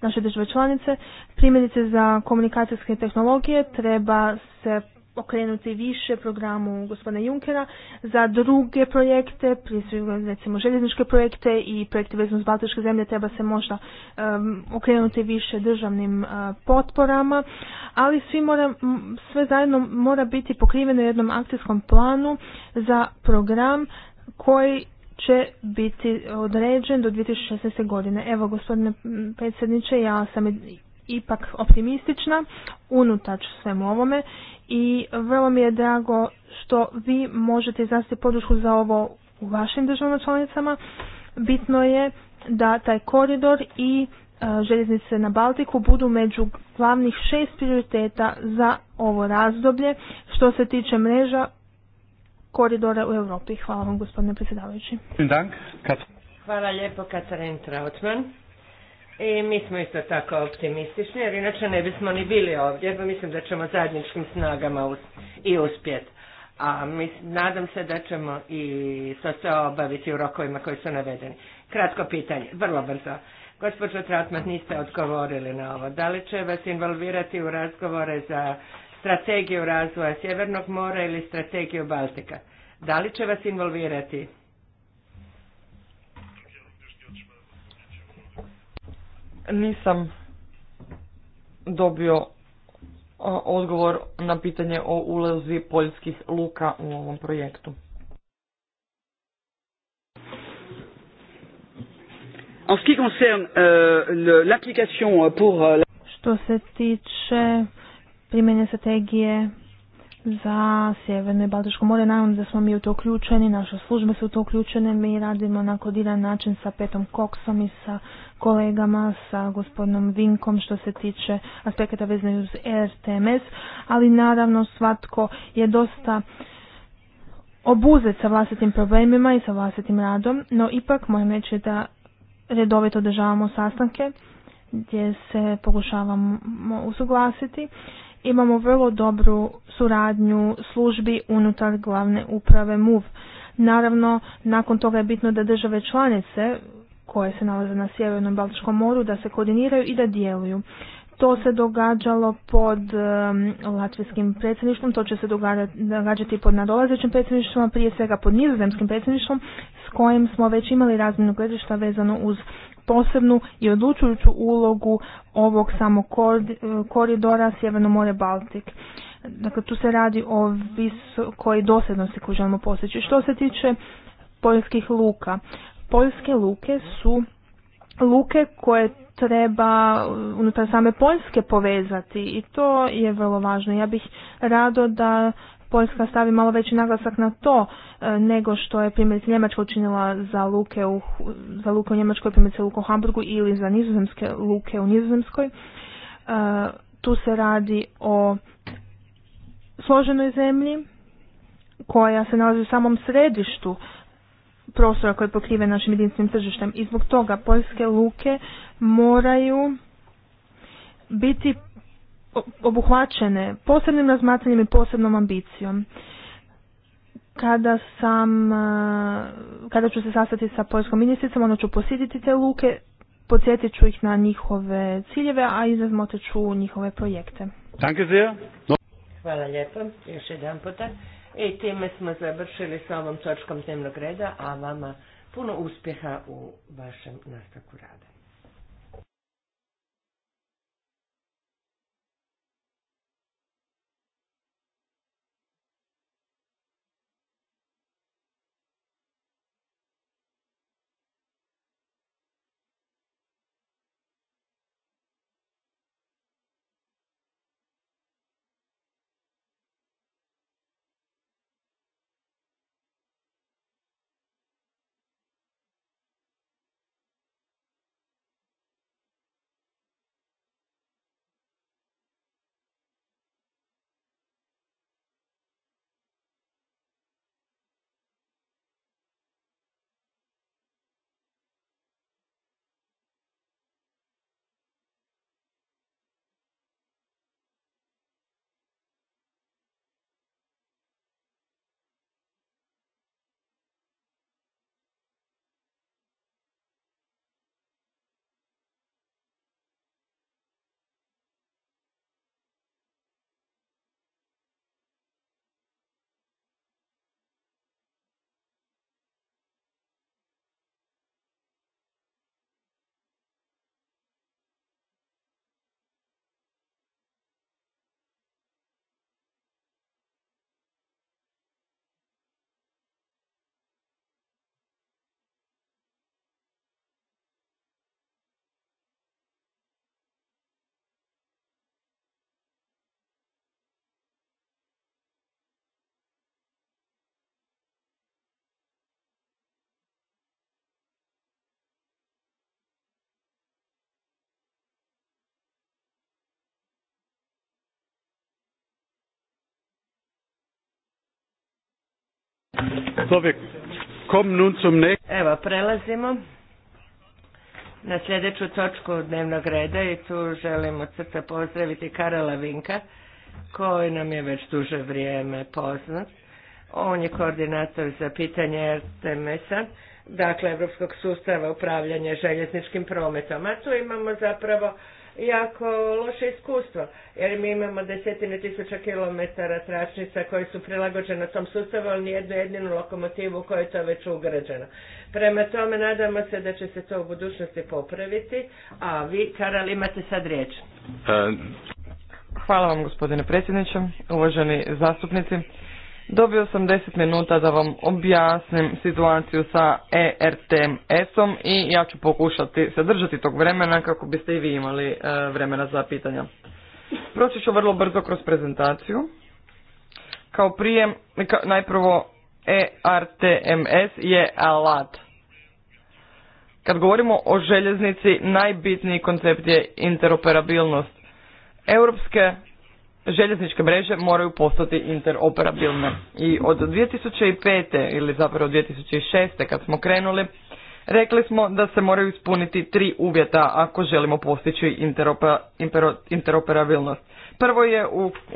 Speaker 3: naše države članice. Primjerice za komunikacijske tehnologije treba se okrenuti više programu gospodina Junkera za druge projekte, prije svega recimo željezničke projekte i projekte vezano s Baltičke zemlje treba se možda okrenuti više državnim e, potporama, ali svi mora, sve zajedno mora biti pokriveno jednom akcijskom planu za program koji će biti određen do 2016. godine. Evo, gospodine predsjedniče, ja sam ipak optimistična unutač svemu ovome i vrlo mi je drago što vi možete izrasti podršku za ovo u vašim državama članicama. Bitno je da taj koridor i e, željeznice na Baltiku budu među glavnih šest prioriteta za ovo razdoblje što se tiče mreža koridora u Europi. Hvala vam gospodine predsjedavajući.
Speaker 2: Hvala lijepo Katarin Trautman. I mi smo isto tako optimistični, jer inače ne bismo ni bili ovdje, jer mislim da ćemo zajedničkim snagama i uspjeti. A nadam se da ćemo i to sve obaviti u rokovima koji su navedeni. Kratko pitanje, vrlo brzo. Gospođo Tratmat, niste odgovorili na ovo. Da li će vas involvirati u razgovore za strategiju razvoja Sjevernog mora ili strategiju Baltika? Da li će vas involvirati? Nisam
Speaker 4: dobio odgovor na pitanje o ulazi poljskih luka u ovom projektu. En ce qui concerne euh, l'application euh, pour euh,
Speaker 3: što se tiče primjenja strategije za Sjeverno i Baltičko more, naravno da smo mi u to uključeni, naše službe su u to uključene, mi radimo na kodiran način sa Petom Koksom i sa kolegama, sa gospodinom Vinkom što se tiče aspekata vezanih uz RTMS, ali naravno svatko je dosta obuzet sa vlastitim problemima i sa vlastitim radom, no ipak moram reći da redovito održavamo sastanke gdje se pokušavamo usuglasiti. Imamo vrlo dobru suradnju službi unutar glavne uprave MUV. Naravno, nakon toga je bitno da države članice koje se nalaze na sjevernom Baltičkom moru da se koordiniraju i da djeluju. To se događalo pod latvijskim predsjedništvom, to će se događati pod nadolazećim predsjedništvom, prije svega pod nizozemskim predsjedništvom s kojim smo već imali razmjenu gledišta vezano uz posebnu i odlučujuću ulogu ovog samog koridora Sjeverno more Baltik. Dakle, tu se radi o visokoj dosljednosti koju želimo postići. Što se tiče poljskih luka, poljske luke su luke koje treba unutar same Poljske povezati i to je vrlo važno. Ja bih rado da Poljska stavi malo veći naglasak na to e, nego što je primjerice Njemačka učinila za luke u, za luke u Njemačkoj, primjerice luke u Hamburgu ili za nizozemske luke u Nizozemskoj. E, tu se radi o složenoj zemlji koja se nalazi u samom središtu prostora koje pokrive našim jedinstvenim tržištem. I zbog toga poljske luke moraju biti obuhvaćene posebnim razmatranjem i posebnom ambicijom. Kada, sam, eh, kada ću se sastati sa poljskom ministricom, onda ću posjetiti te luke, podsjetit ću ih na njihove ciljeve, a i ću njihove projekte.
Speaker 2: Hvala lijepo, još jedan i time smo završili sa ovom točkom dnevnog reda, a vama puno uspjeha u vašem nastavku rada.
Speaker 1: Evo, prelazimo
Speaker 2: na sljedeću točku dnevnog reda i tu želim od srca pozdraviti Karala Vinka, koji nam je već duže vrijeme poznat. On je koordinator za pitanje RTMS-a, dakle Evropskog sustava upravljanja željezničkim prometom. A tu imamo zapravo jako loše iskustvo, jer mi imamo desetine tisuća kilometara tračnica koje su prilagođene tom sustavu, ali nijednu jedinu lokomotivu u kojoj je to već ugrađeno. Prema tome, nadamo se da će se to u budućnosti popraviti, a vi, Karal imate sad riječ.
Speaker 1: E,
Speaker 4: Hvala vam, gospodine predsjedniče, uvaženi zastupnici. Dobio sam 10 minuta da vam objasnim situaciju sa ERTMS-om i ja ću pokušati sadržati tog vremena kako biste i vi imali e, vremena za pitanja. Proći ću vrlo brzo kroz prezentaciju. Kao prije, najprvo ERTMS je alat. Kad govorimo o željeznici, najbitniji koncept je interoperabilnost. Europske željezničke mreže moraju postati interoperabilne. I od 2005. ili zapravo 2006. kad smo krenuli, rekli smo da se moraju ispuniti tri uvjeta ako želimo postići interoperabilnost. Prvo je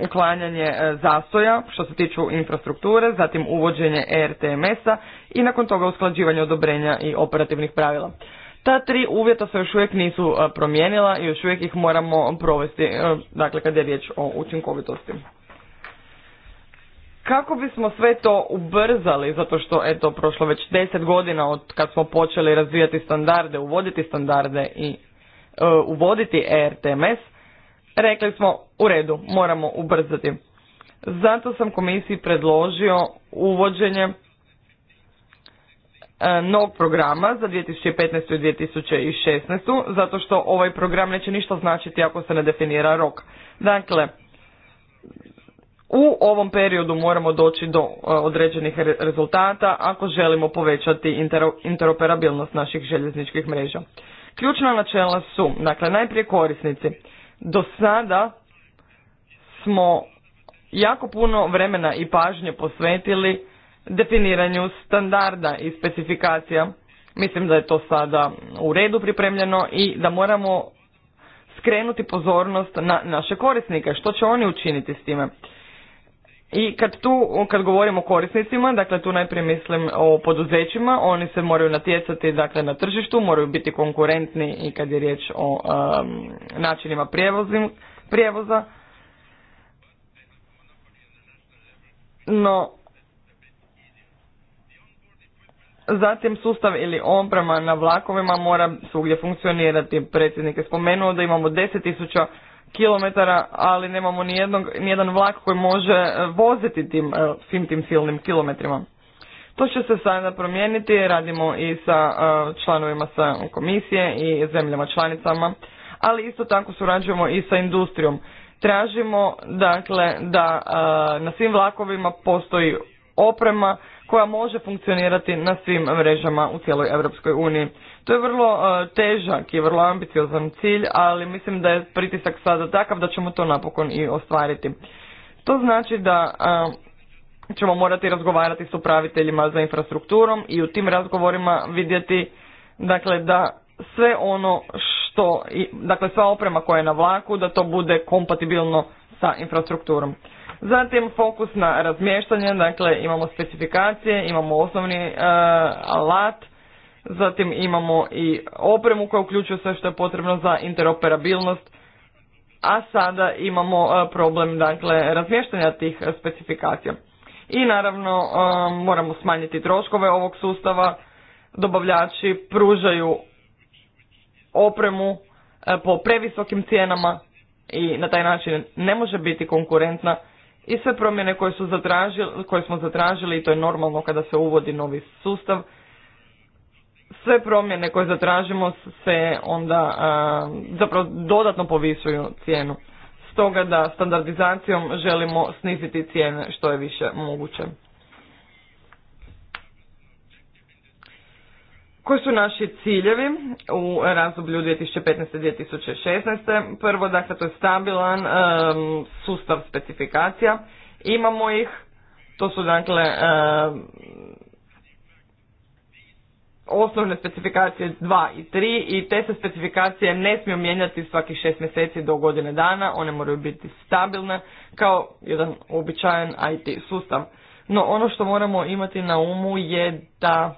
Speaker 4: uklanjanje e, zastoja što se tiču infrastrukture, zatim uvođenje ERTMS-a i nakon toga usklađivanje odobrenja i operativnih pravila. Ta tri uvjeta se još uvijek nisu e, promijenila i još uvijek ih moramo provesti, e, dakle kad je riječ o učinkovitosti. Kako bismo sve to ubrzali, zato što eto prošlo već deset godina od kad smo počeli razvijati standarde, uvoditi standarde i e, uvoditi ERTMS, rekli smo u redu, moramo ubrzati. Zato sam komisiji predložio uvođenje E, novog programa za 2015. i 2016. zato što ovaj program neće ništa značiti ako se ne definira rok. Dakle, u ovom periodu moramo doći do e, određenih rezultata ako želimo povećati interoperabilnost naših željezničkih mreža. Ključna načela su, dakle, najprije korisnici. Do sada smo jako puno vremena i pažnje posvetili definiranju standarda i specifikacija. Mislim da je to sada u redu pripremljeno i da moramo skrenuti pozornost na naše korisnike, što će oni učiniti s time. I kad tu, kad govorimo o korisnicima, dakle tu najprije mislim o poduzećima, oni se moraju natjecati dakle na tržištu, moraju biti konkurentni i kad je riječ o um, načinima prijevozim, prijevoza. No, Zatim sustav ili oprema na vlakovima mora svugdje funkcionirati. Predsjednik je spomenuo da imamo 10.000 km, ali nemamo ni, jedan vlak koji može e, voziti tim, e, svim tim silnim kilometrima. To će se sada promijeniti, radimo i sa e, članovima sa komisije i zemljama članicama, ali isto tako surađujemo i sa industrijom. Tražimo dakle da na svim vlakovima postoji oprema koja može funkcionirati na svim mrežama u cijeloj Europskoj uniji. To je vrlo e, težak i vrlo ambiciozan cilj, ali mislim da je pritisak sada takav da ćemo to napokon i ostvariti. To znači da e, ćemo morati razgovarati s upraviteljima za infrastrukturom i u tim razgovorima vidjeti dakle, da sve ono što, dakle sva oprema koja je na vlaku, da to bude kompatibilno sa infrastrukturom. Zatim fokus na razmještanje, dakle imamo specifikacije, imamo osnovni e, alat, zatim imamo i opremu koja uključuje sve što je potrebno za interoperabilnost, a sada imamo e, problem dakle razmještanja tih specifikacija. I naravno e, moramo smanjiti troškove ovog sustava, dobavljači pružaju opremu po previsokim cijenama i na taj način ne može biti konkurentna i sve promjene koje, su zatražili, koje smo zatražili, i to je normalno kada se uvodi novi sustav, sve promjene koje zatražimo se onda zapravo dodatno povisuju cijenu. Stoga da standardizacijom želimo sniziti cijene što je više moguće. Koji su naši ciljevi u razdoblju 2015-2016? Prvo, dakle, to je stabilan sustav specifikacija. Imamo ih, to su dakle osnovne specifikacije 2 i 3 i te se specifikacije ne smiju mijenjati svakih 6 mjeseci do godine dana, one moraju biti stabilne kao jedan uobičajen IT sustav. No ono što moramo imati na umu je da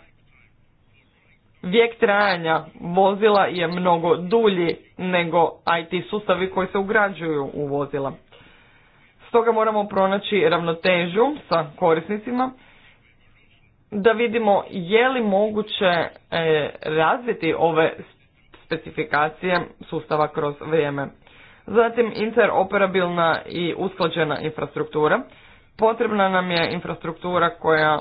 Speaker 4: vijek trajanja vozila je mnogo dulji nego IT sustavi koji se ugrađuju u vozila. Stoga moramo pronaći ravnotežu sa korisnicima da vidimo je li moguće e, razviti ove specifikacije sustava kroz vrijeme. Zatim interoperabilna i usklađena infrastruktura. Potrebna nam je infrastruktura koja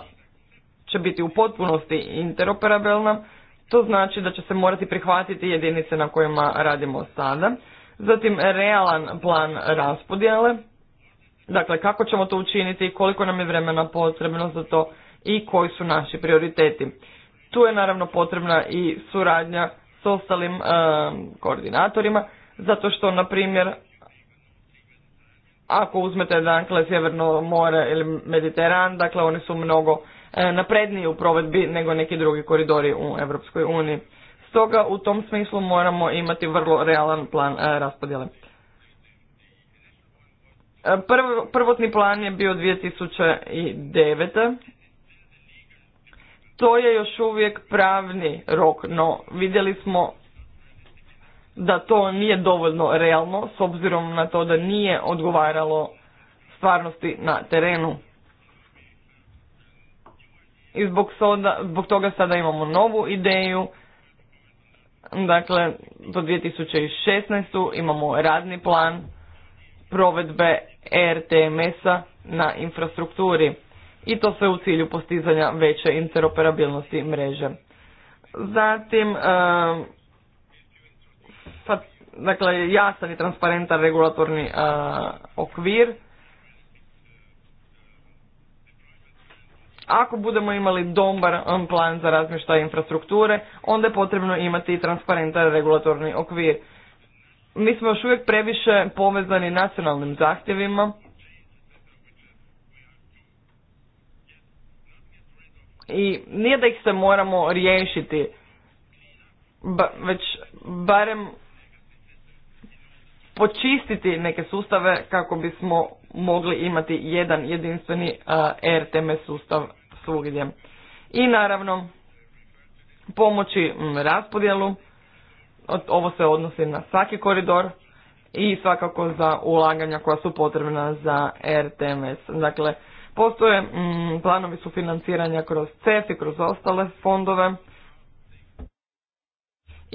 Speaker 4: će biti u potpunosti interoperabilna, to znači da će se morati prihvatiti jedinice na kojima radimo sada. Zatim realan plan raspodjele, dakle kako ćemo to učiniti, koliko nam je vremena potrebno za to i koji su naši prioriteti. Tu je naravno potrebna i suradnja s ostalim eh, koordinatorima, zato što, na primjer, ako uzmete dakle Sjeverno more ili Mediteran, dakle oni su mnogo E, napredniji u provedbi nego neki drugi koridori u Europskoj uniji. Stoga u tom smislu moramo imati vrlo realan plan e, raspodjele. E, prvotni plan je bio 2009. To je još uvijek pravni rok, no vidjeli smo da to nije dovoljno realno s obzirom na to da nije odgovaralo stvarnosti na terenu i zbog, toga sada imamo novu ideju. Dakle, do 2016. imamo radni plan provedbe ERTMS-a na infrastrukturi i to sve u cilju postizanja veće interoperabilnosti mreže. Zatim, dakle, jasan i transparentan regulatorni okvir Ako budemo imali dobar um, plan za razmještaj infrastrukture, onda je potrebno imati i transparentan regulatorni okvir. Mi smo još uvijek previše povezani nacionalnim zahtjevima, i nije da ih se moramo riješiti, već barem počistiti neke sustave kako bismo mogli imati jedan jedinstveni RTM sustav svugdje. I naravno, pomoći raspodjelu, ovo se odnosi na svaki koridor i svakako za ulaganja koja su potrebna za RTMS. Dakle, postoje planovi financiranja kroz CEF i kroz ostale fondove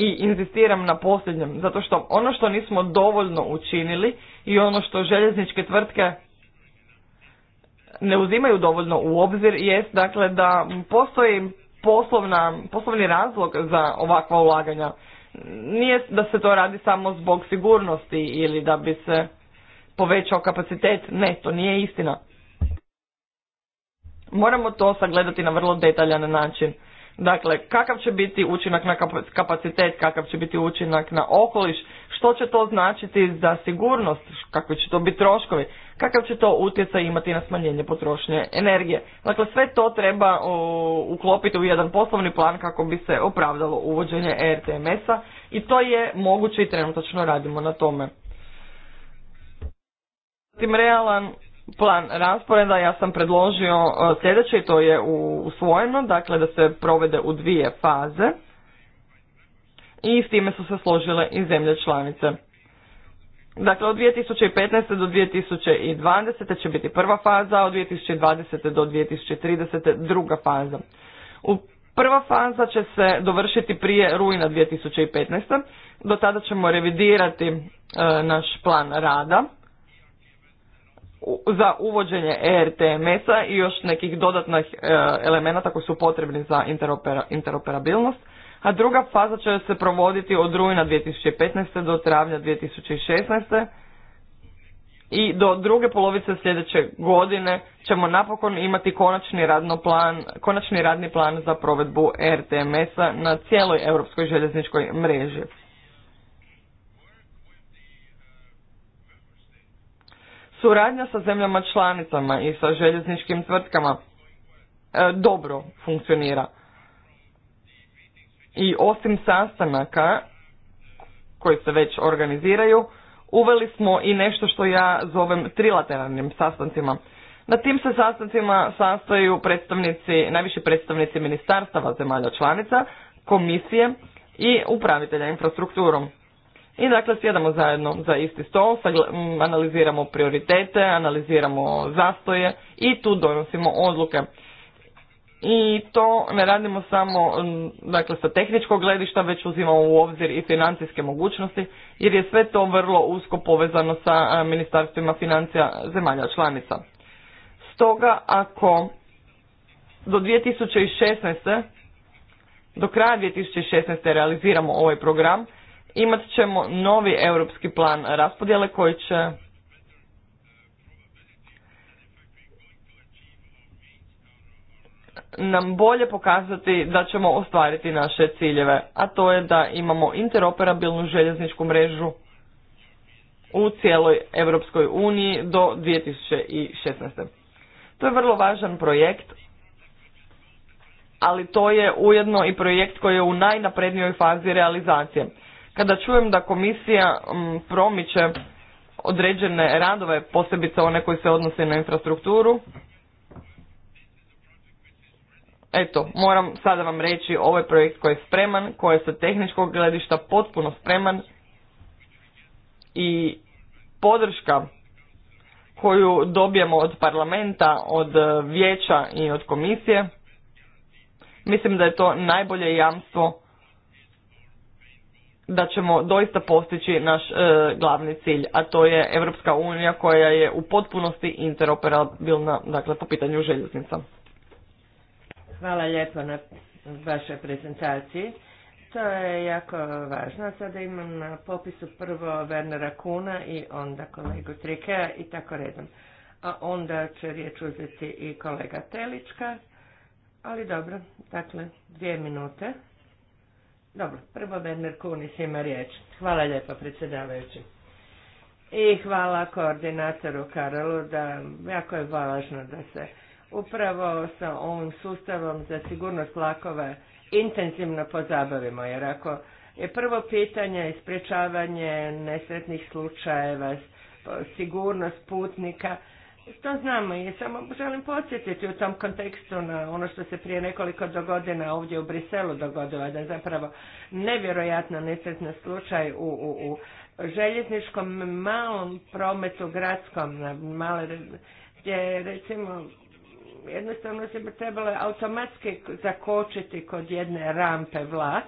Speaker 4: i inzistiram na posljednjem, zato što ono što nismo dovoljno učinili i ono što željezničke tvrtke ne uzimaju dovoljno u obzir jest dakle da postoji poslovna, poslovni razlog za ovakva ulaganja. Nije da se to radi samo zbog sigurnosti ili da bi se povećao kapacitet, ne, to nije istina. Moramo to sagledati na vrlo detaljan način. Dakle, kakav će biti učinak na kapacitet, kakav će biti učinak na okoliš, što će to značiti za sigurnost, kakvi će to biti troškovi, kakav će to utjecaj imati na smanjenje potrošnje energije. Dakle, sve to treba uklopiti u jedan poslovni plan kako bi se opravdalo uvođenje ERTMS-a i to je moguće i trenutačno radimo na tome. Tim realan plan rasporeda ja sam predložio e, sljedeće i to je usvojeno, dakle da se provede u dvije faze i s time su se složile i zemlje članice. Dakle, od 2015. do 2020. će biti prva faza, a od 2020. do 2030. druga faza. U prva faza će se dovršiti prije rujna 2015. Do tada ćemo revidirati e, naš plan rada za uvođenje ERTMS-a i još nekih dodatnih e, elemenata koji su potrebni za interoperabilnost, a druga faza će se provoditi od rujna 2015. do travnja 2016. I do druge polovice sljedeće godine ćemo napokon imati konačni, plan, konačni radni plan za provedbu ertms a na cijeloj europskoj željezničkoj mreži. Suradnja sa zemljama članicama i sa željezničkim tvrtkama e, dobro funkcionira. I osim sastanaka koji se već organiziraju, uveli smo i nešto što ja zovem trilateralnim sastancima. Na tim se sastancima sastaju predstavnici, najviši predstavnici ministarstava zemalja članica, komisije i upravitelja infrastrukturom. I dakle sjedamo zajedno za isti stol, analiziramo prioritete, analiziramo zastoje i tu donosimo odluke. I to ne radimo samo dakle, sa tehničkog gledišta, već uzimamo u obzir i financijske mogućnosti, jer je sve to vrlo usko povezano sa ministarstvima financija zemalja članica. Stoga, ako do 2016. do kraja 2016. realiziramo ovaj program, imat ćemo novi europski plan raspodjele koji će nam bolje pokazati da ćemo ostvariti naše ciljeve, a to je da imamo interoperabilnu željezničku mrežu u cijeloj Europskoj uniji do 2016. To je vrlo važan projekt, ali to je ujedno i projekt koji je u najnaprednijoj fazi realizacije. Kada čujem da komisija mm, promiče određene radove, posebice one koji se odnose na infrastrukturu, eto, moram sada vam reći, ovaj projekt koji je spreman, koji je sa tehničkog gledišta potpuno spreman i podrška koju dobijemo od parlamenta, od vijeća i od komisije, mislim da je to najbolje jamstvo da ćemo doista postići naš e, glavni cilj, a to je Europska unija koja je u potpunosti interoperabilna dakle, po pitanju željeznica.
Speaker 2: Hvala lijepo na vašoj prezentaciji. To je jako važno. Sada imam na popisu prvo Wernera Kuna i onda kolegu Trikea i tako redom. A onda će riječ uzeti i kolega Telička. Ali dobro, dakle, dvije minute. Dobro, prvo Werner Kunis ima riječ. Hvala lijepa predsjedavajući. I hvala koordinatoru Karolu da jako je važno da se upravo sa ovim sustavom za sigurnost vlakova intenzivno pozabavimo, jer ako je prvo pitanje ispričavanje nesretnih slučajeva, sigurnost putnika, to znamo i samo želim podsjetiti u tom kontekstu na ono što se prije nekoliko godina ovdje u Briselu dogodilo, da je zapravo nevjerojatno nesretni slučaj u, u, u željezničkom malom prometu gradskom, na male, gdje recimo jednostavno se bi trebalo automatski zakočiti kod jedne rampe vlak,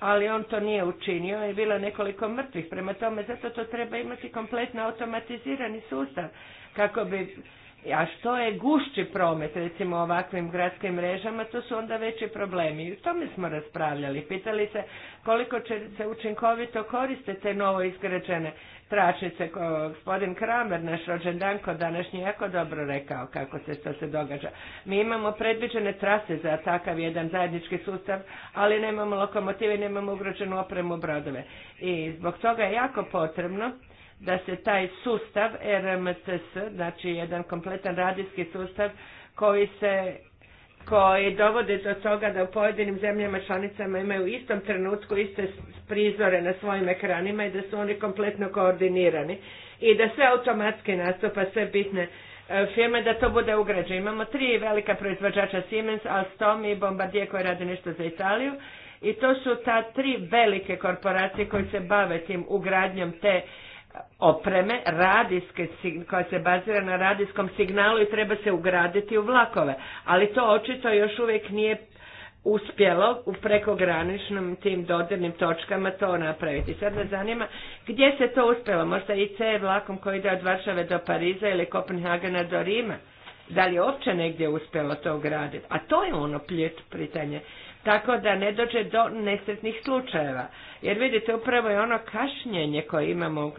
Speaker 2: ali on to nije učinio je bilo nekoliko mrtvih. Prema tome, zato to treba imati kompletno automatizirani sustav kako bi a što je gušći promet, recimo ovakvim gradskim mrežama, to su onda veći problemi. I o tome smo raspravljali. Pitali se koliko će se učinkovito koriste te novo izgrađene tračnice. Gospodin Kramer, naš rođendanko, današnji jako dobro rekao kako se to se događa. Mi imamo predviđene trase za takav jedan zajednički sustav, ali nemamo lokomotive, nemamo ugroženu opremu brodove. I zbog toga je jako potrebno da se taj sustav RMSS, znači jedan kompletan radijski sustav koji se koji dovode do toga da u pojedinim zemljama članicama imaju u istom trenutku iste prizore na svojim ekranima i da su oni kompletno koordinirani i da sve automatski nastupa, sve bitne e, firme, da to bude ugrađeno. Imamo tri velika proizvođača Siemens, Alstom i Bombardier koji rade nešto za Italiju i to su ta tri velike korporacije koji se bave tim ugradnjom te opreme radijske, koja se bazira na radijskom signalu i treba se ugraditi u vlakove. Ali to očito još uvijek nije uspjelo u prekograničnim tim dodirnim točkama to napraviti. Sad me zanima gdje se to uspjelo, možda i C vlakom koji ide od Varšave do Pariza ili Kopenhagena do Rima. Da li je uopće negdje uspjelo to ugraditi? A to je ono pljet pitanje tako da ne dođe do nesretnih slučajeva. Jer vidite, upravo je ono kašnjenje koje imamo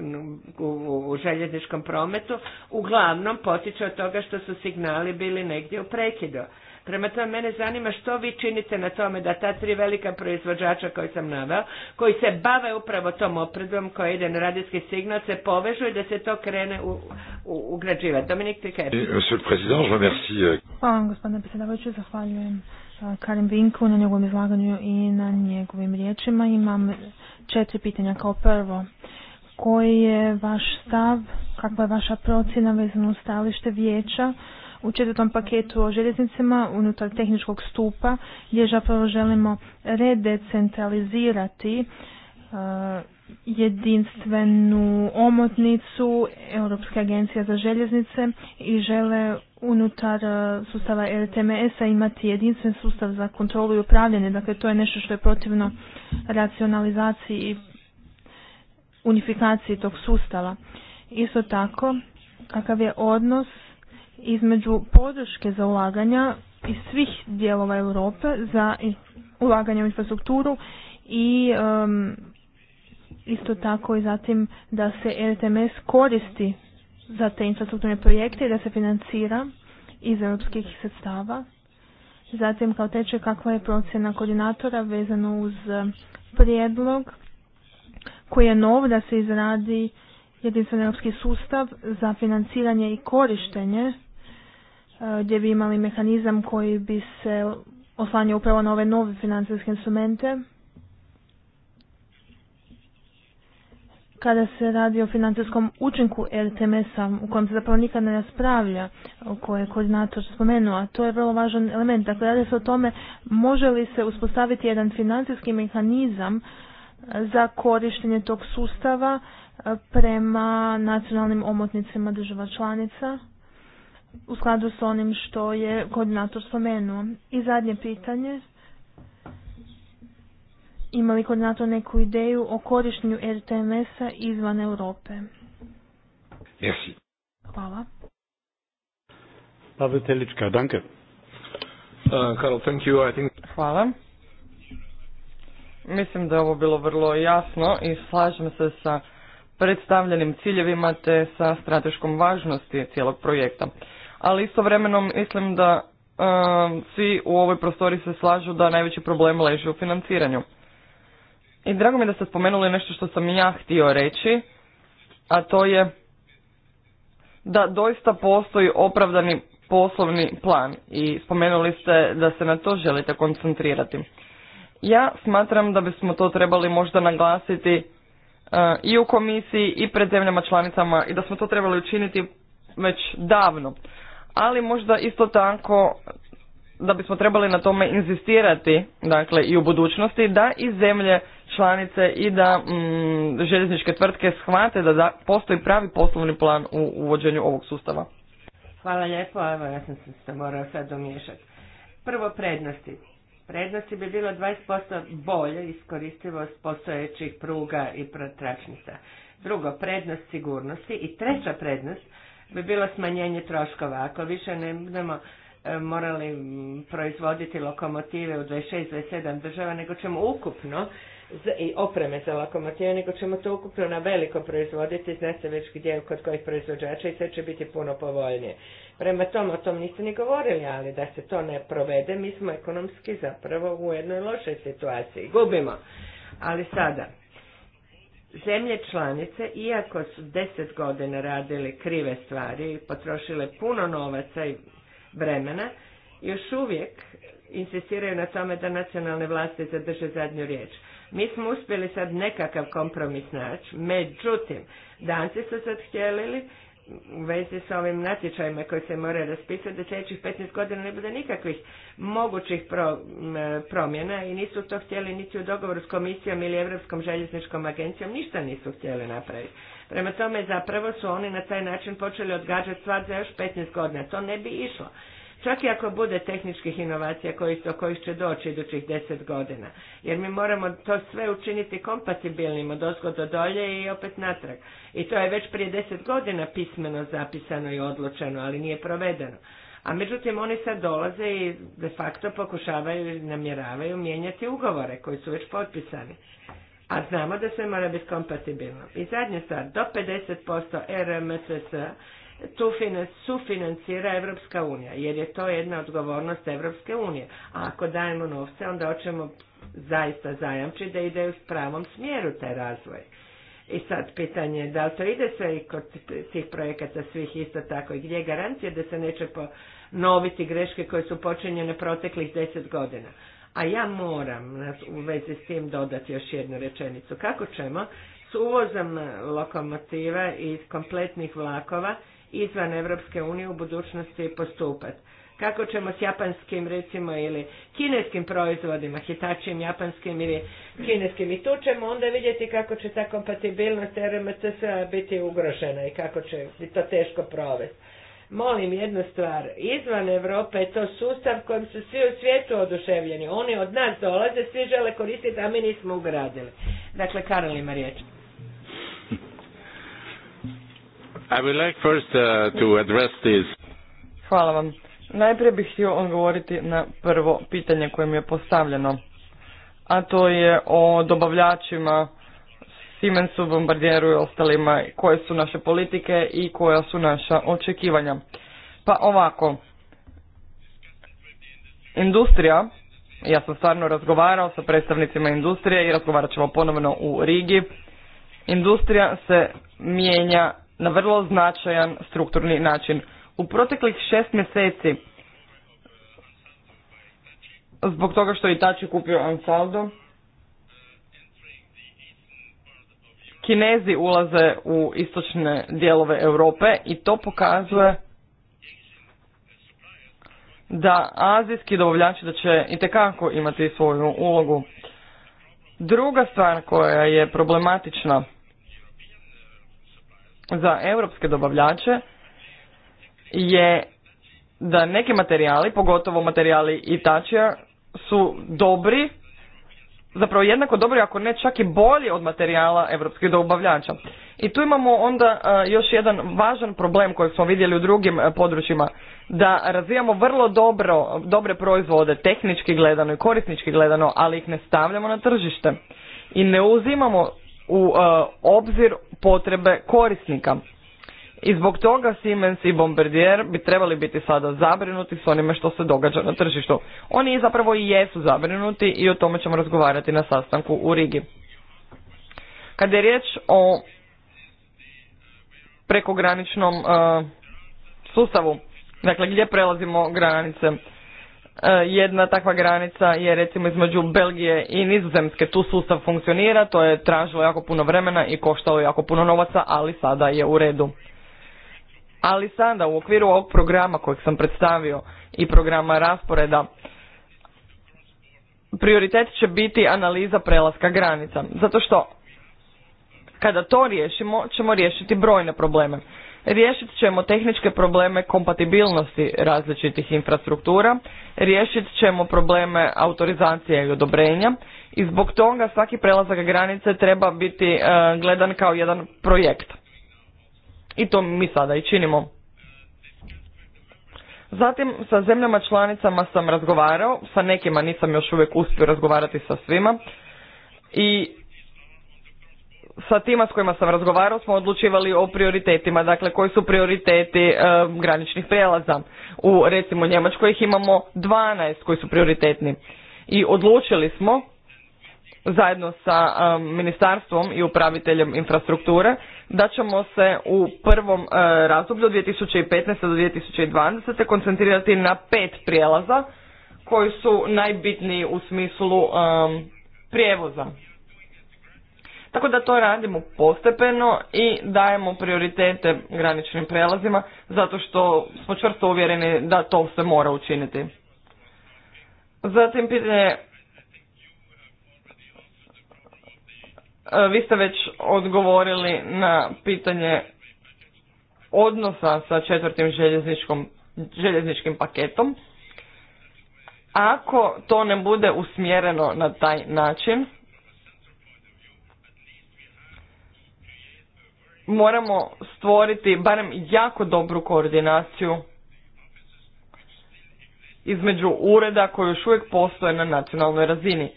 Speaker 2: u željezničkom prometu uglavnom potiče od toga što su signali bili negdje u prekidu. Prema tome, mene zanima što vi činite na tome da ta tri velika proizvođača koji sam naveo, koji se bave upravo tom opredbom koji ide na radijski signal, se povežu i da se to krene u, u, ugrađivati. Dominik
Speaker 3: Hvala vam, gospodine predsjedavajuću, zahvaljujem Karim Vinku na njegovom izlaganju i na njegovim riječima. Imam četiri pitanja. Kao prvo, koji je vaš stav, kakva je vaša procjena vezana u stajalište vijeća u četvrtom paketu o željeznicama unutar tehničkog stupa gdje zapravo želimo redecentralizirati e, jedinstvenu omotnicu Europske agencije za željeznice i žele unutar e, sustava RTMS-a imati jedinstven sustav za kontrolu i upravljanje. Dakle, to je nešto što je protivno racionalizaciji i unifikaciji tog sustava. Isto tako, kakav je odnos između podrške za ulaganja iz svih dijelova Europe za ulaganje u infrastrukturu i isto tako i zatim da se RTMS koristi za te infrastrukturne projekte i da se financira iz europskih sredstava. Zatim kao teče kakva je procjena koordinatora vezano uz e, prijedlog koji je nov da se izradi jedinstveni europski sustav za financiranje i korištenje e, gdje bi imali mehanizam koji bi se oslanjao upravo na ove nove financijske instrumente kada se radi o financijskom učinku RTMS-a u kojem se zapravo nikad ne raspravlja, koje je koordinator spomenuo, a to je vrlo važan element. Dakle, radi se o tome može li se uspostaviti jedan financijski mehanizam e, za korištenje tog sustava e, prema nacionalnim omotnicima država članica u skladu s onim što je koordinator spomenuo. I zadnje pitanje imali kod NATO neku ideju o korištenju RTMS-a izvan Europe? Hvala.
Speaker 1: Pavel Telička, danke.
Speaker 2: Uh, Karol, thank you. I think...
Speaker 1: Hvala. Mislim da je ovo bilo
Speaker 4: vrlo jasno i slažem se sa predstavljenim ciljevima te sa strateškom važnosti cijelog projekta. Ali istovremeno mislim da uh, svi u ovoj prostori se slažu da najveći problem leži u financiranju. I drago mi je da ste spomenuli nešto što sam ja htio reći, a to je da doista postoji opravdani poslovni plan i spomenuli ste da se na to želite koncentrirati. Ja smatram da bismo to trebali možda naglasiti e, i u komisiji i pred zemljama članicama i da smo to trebali učiniti već davno. Ali možda isto tako da bismo trebali na tome inzistirati dakle i u budućnosti da i zemlje članice i da mm, željezničke tvrtke shvate da, da postoji pravi poslovni plan u uvođenju ovog sustava.
Speaker 2: Hvala lijepo, evo ja sam se morao sad domiješati. Prvo prednosti. Prednosti bi bilo 20% bolje iskoristivost postojećih pruga i protračnica. Drugo, prednost sigurnosti. I treća prednost bi bilo smanjenje troškova. Ako više ne budemo e, morali proizvoditi lokomotive u 26-27 država, nego ćemo ukupno i opreme za lokomotive, nego ćemo to ukupno na veliko proizvoditi, zna se već gdje, kod kojih proizvođača i sve će biti puno povoljnije. Prema tom, o tom niste ni govorili, ali da se to ne provede, mi smo ekonomski zapravo u jednoj lošoj situaciji. Gubimo. Ali sada, zemlje članice, iako su deset godina radili krive stvari i potrošile puno novaca i vremena, još uvijek insistiraju na tome da nacionalne vlasti zadrže zadnju riječ. Mi smo uspjeli sad nekakav kompromis naći, međutim, danci su sad htjeli u vezi sa ovim natječajima koji se moraju raspisati da sljedećih 15 godina ne bude nikakvih mogućih promjena i nisu to htjeli niti u dogovoru s komisijom ili Europskom željezničkom agencijom, ništa nisu htjeli napraviti. Prema tome zapravo su oni na taj način počeli odgađati stvar za još 15 godina. To ne bi išlo. Čak i ako bude tehničkih inovacija koji, do kojih će doći idućih deset godina. Jer mi moramo to sve učiniti kompatibilnim od do dolje i opet natrag. I to je već prije deset godina pismeno zapisano i odlučeno, ali nije provedeno. A međutim, oni sad dolaze i de facto pokušavaju i namjeravaju mijenjati ugovore koji su već potpisani. A znamo da sve mora biti kompatibilno. I zadnja stvar, do 50% RMSS tu sufinancira Evropska unija, jer je to jedna odgovornost Evropske unije. A ako dajemo novce, onda hoćemo zaista zajamčiti da ide u pravom smjeru taj razvoj. I sad pitanje je da li to ide sve i kod tih projekata svih isto tako i gdje je garancija da se neće ponoviti greške koje su počinjene proteklih deset godina. A ja moram u vezi s tim dodati još jednu rečenicu. Kako ćemo s uvozom lokomotiva i kompletnih vlakova izvan Evropske unije u budućnosti postupati. Kako ćemo s japanskim recimo ili kineskim proizvodima, hitačim japanskim ili kineskim i tu ćemo onda vidjeti kako će ta kompatibilnost RMTS biti ugrožena i kako će to teško provesti. Molim jednu stvar, izvan Europe je to sustav kojim su svi u svijetu oduševljeni. Oni od nas dolaze, svi žele koristiti, a mi nismo ugradili. Dakle, Karol ima riječ.
Speaker 1: I uh,
Speaker 4: Hvala vam. Najprije bih htio odgovoriti na prvo pitanje koje mi je postavljeno, a to je o dobavljačima Siemensu, Bombardieru i ostalima, koje su naše politike i koja su naša očekivanja. Pa ovako, industrija, ja sam stvarno razgovarao sa predstavnicima industrije i razgovarat ćemo ponovno u Rigi. Industrija se mijenja na vrlo značajan strukturni način. U proteklih šest mjeseci, zbog toga što je Itači kupio Ansaldo, Kinezi ulaze u istočne dijelove Europe i to pokazuje da azijski dobavljači da će itekako imati svoju ulogu. Druga stvar koja je problematična za europske dobavljače je da neki materijali, pogotovo materijali Itačija, su dobri, zapravo jednako dobri, ako ne čak i bolji od materijala europskih dobavljača. I tu imamo onda e, još jedan važan problem koji smo vidjeli u drugim e, područjima, da razvijamo vrlo dobro, dobre proizvode, tehnički gledano i korisnički gledano, ali ih ne stavljamo na tržište. I ne uzimamo u e, obzir potrebe korisnika. I zbog toga Siemens i Bombardier bi trebali biti sada zabrinuti s onime što se događa na tržištu. Oni zapravo i jesu zabrinuti i o tome ćemo razgovarati na sastanku u Rigi. Kada je riječ o prekograničnom e, sustavu, dakle gdje prelazimo granice, E, jedna takva granica je recimo između Belgije i Nizozemske. Tu sustav funkcionira, to je tražilo jako puno vremena i koštalo jako puno novaca, ali sada je u redu. Ali sada u okviru ovog programa kojeg sam predstavio i programa rasporeda, prioritet će biti analiza prelaska granica. Zato što kada to riješimo, ćemo riješiti brojne probleme. Riješit ćemo tehničke probleme kompatibilnosti različitih infrastruktura, riješit ćemo probleme autorizacije i odobrenja i zbog toga svaki prelazak granice treba biti e, gledan kao jedan projekt. I to mi sada i činimo. Zatim sa zemljama članicama sam razgovarao, sa nekima nisam još uvijek uspio razgovarati sa svima i sa tima s kojima sam razgovarao smo odlučivali o prioritetima, dakle koji su prioriteti e, graničnih prijelaza. U recimo Njemačkoj ih imamo 12 koji su prioritetni. I odlučili smo zajedno sa e, ministarstvom i upraviteljem infrastrukture da ćemo se u prvom e, razdoblju od 2015. do 2020. koncentrirati na pet prijelaza koji su najbitniji u smislu e, prijevoza. Tako da to radimo postepeno i dajemo prioritete graničnim prelazima zato što smo čvrsto uvjereni da to se mora učiniti. Zatim pitanje e, Vi ste već odgovorili na pitanje odnosa sa četvrtim željezničkim paketom. Ako to ne bude usmjereno na taj način, moramo stvoriti barem jako dobru koordinaciju između ureda koji još uvijek postoje na nacionalnoj razini.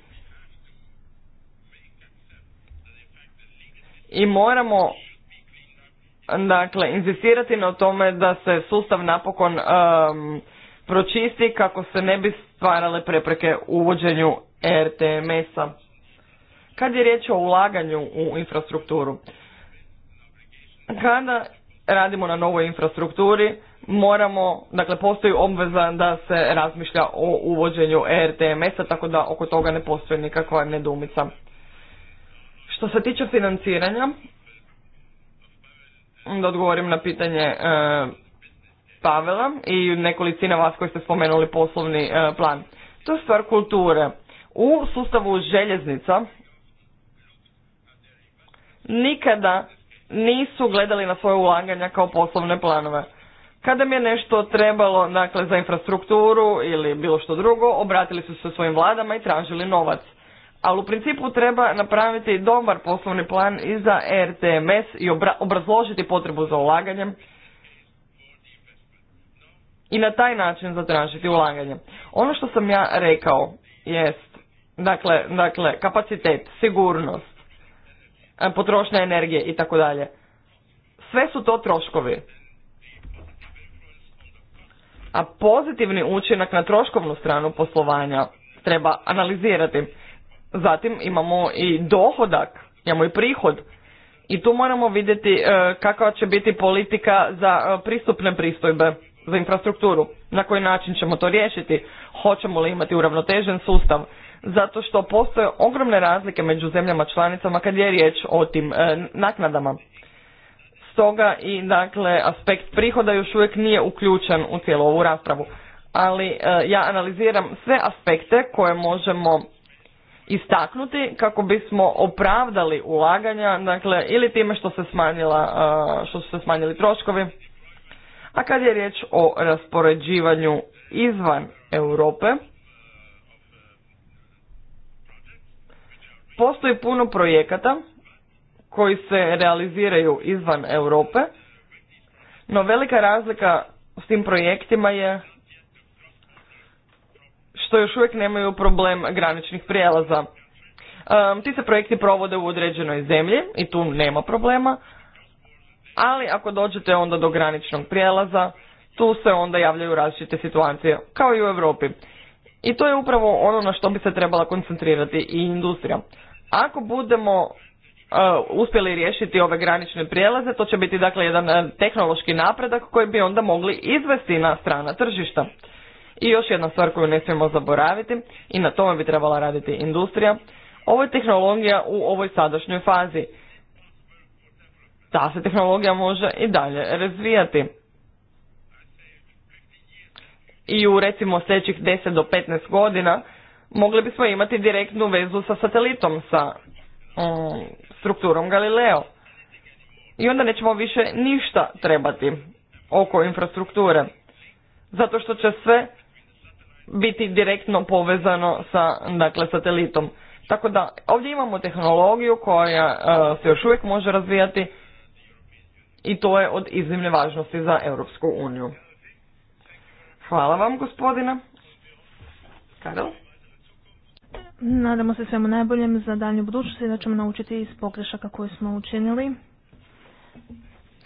Speaker 4: I moramo dakle inzistirati na tome da se sustav napokon um, pročisti kako se ne bi stvarale prepreke uvođenju RTMS-a. Kad je riječ o ulaganju u infrastrukturu, kada radimo na novoj infrastrukturi, moramo, dakle postoji obveza da se razmišlja o uvođenju ERTMS-a, tako da oko toga ne postoji nikakva nedumica. Što se tiče financiranja, da odgovorim na pitanje e, Pavela i nekolicina vas koji ste spomenuli poslovni e, plan. To je stvar kulture. U sustavu željeznica nikada nisu gledali na svoje ulaganja kao poslovne planove. Kada mi je nešto trebalo dakle, za infrastrukturu ili bilo što drugo, obratili su se svojim vladama i tražili novac. Ali u principu treba napraviti dobar poslovni plan i za RTMS i obrazložiti potrebu za ulaganjem i na taj način zatražiti ulaganje. Ono što sam ja rekao jest, dakle, dakle kapacitet, sigurnost, E, potrošnja energije i tako dalje. Sve su to troškovi. A pozitivni učinak na troškovnu stranu poslovanja treba analizirati. Zatim imamo i dohodak, imamo i prihod. I tu moramo vidjeti e, kakva će biti politika za e, pristupne pristojbe za infrastrukturu. Na koji način ćemo to riješiti? Hoćemo li imati uravnotežen sustav? zato što postoje ogromne razlike među zemljama članicama kad je riječ o tim e, naknadama. Stoga i dakle aspekt prihoda još uvijek nije uključen u cijelu ovu raspravu. Ali e, ja analiziram sve aspekte koje možemo istaknuti kako bismo opravdali ulaganja, dakle ili time što se smanjila, e, što su se smanjili troškovi. A kad je riječ o raspoređivanju izvan Europe, Postoji puno projekata koji se realiziraju izvan Europe, no velika razlika s tim projektima je što još uvijek nemaju problem graničnih prijelaza. ti se projekti provode u određenoj zemlji i tu nema problema, ali ako dođete onda do graničnog prijelaza, tu se onda javljaju različite situacije, kao i u Europi. I to je upravo ono na što bi se trebala koncentrirati i industrija. Ako budemo uh, uspjeli riješiti ove granične prijelaze, to će biti dakle jedan uh, tehnološki napredak koji bi onda mogli izvesti na strana tržišta. I još jedna stvar koju ne smijemo zaboraviti i na tome bi trebala raditi industrija, ovo je tehnologija u ovoj sadašnjoj fazi. Ta se tehnologija može i dalje razvijati. I u recimo sljedećih 10 do 15 godina mogli bismo imati direktnu vezu sa satelitom, sa mm, strukturom Galileo. I onda nećemo više ništa trebati oko infrastrukture, zato što će sve biti direktno povezano sa dakle, satelitom. Tako da ovdje imamo tehnologiju koja e, se još uvijek može razvijati i to je od iznimne važnosti za Europsku uniju. Hvala vam gospodina.
Speaker 2: Karel?
Speaker 3: Nadamo se svemu najboljem za daljnju budućnost i da ćemo naučiti iz pogrešaka koje smo učinili.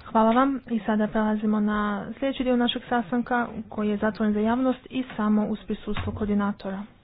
Speaker 3: Hvala vam i sada prelazimo na sljedeći dio našeg sastanka koji je zatvoren za javnost i samo uz prisustvo koordinatora.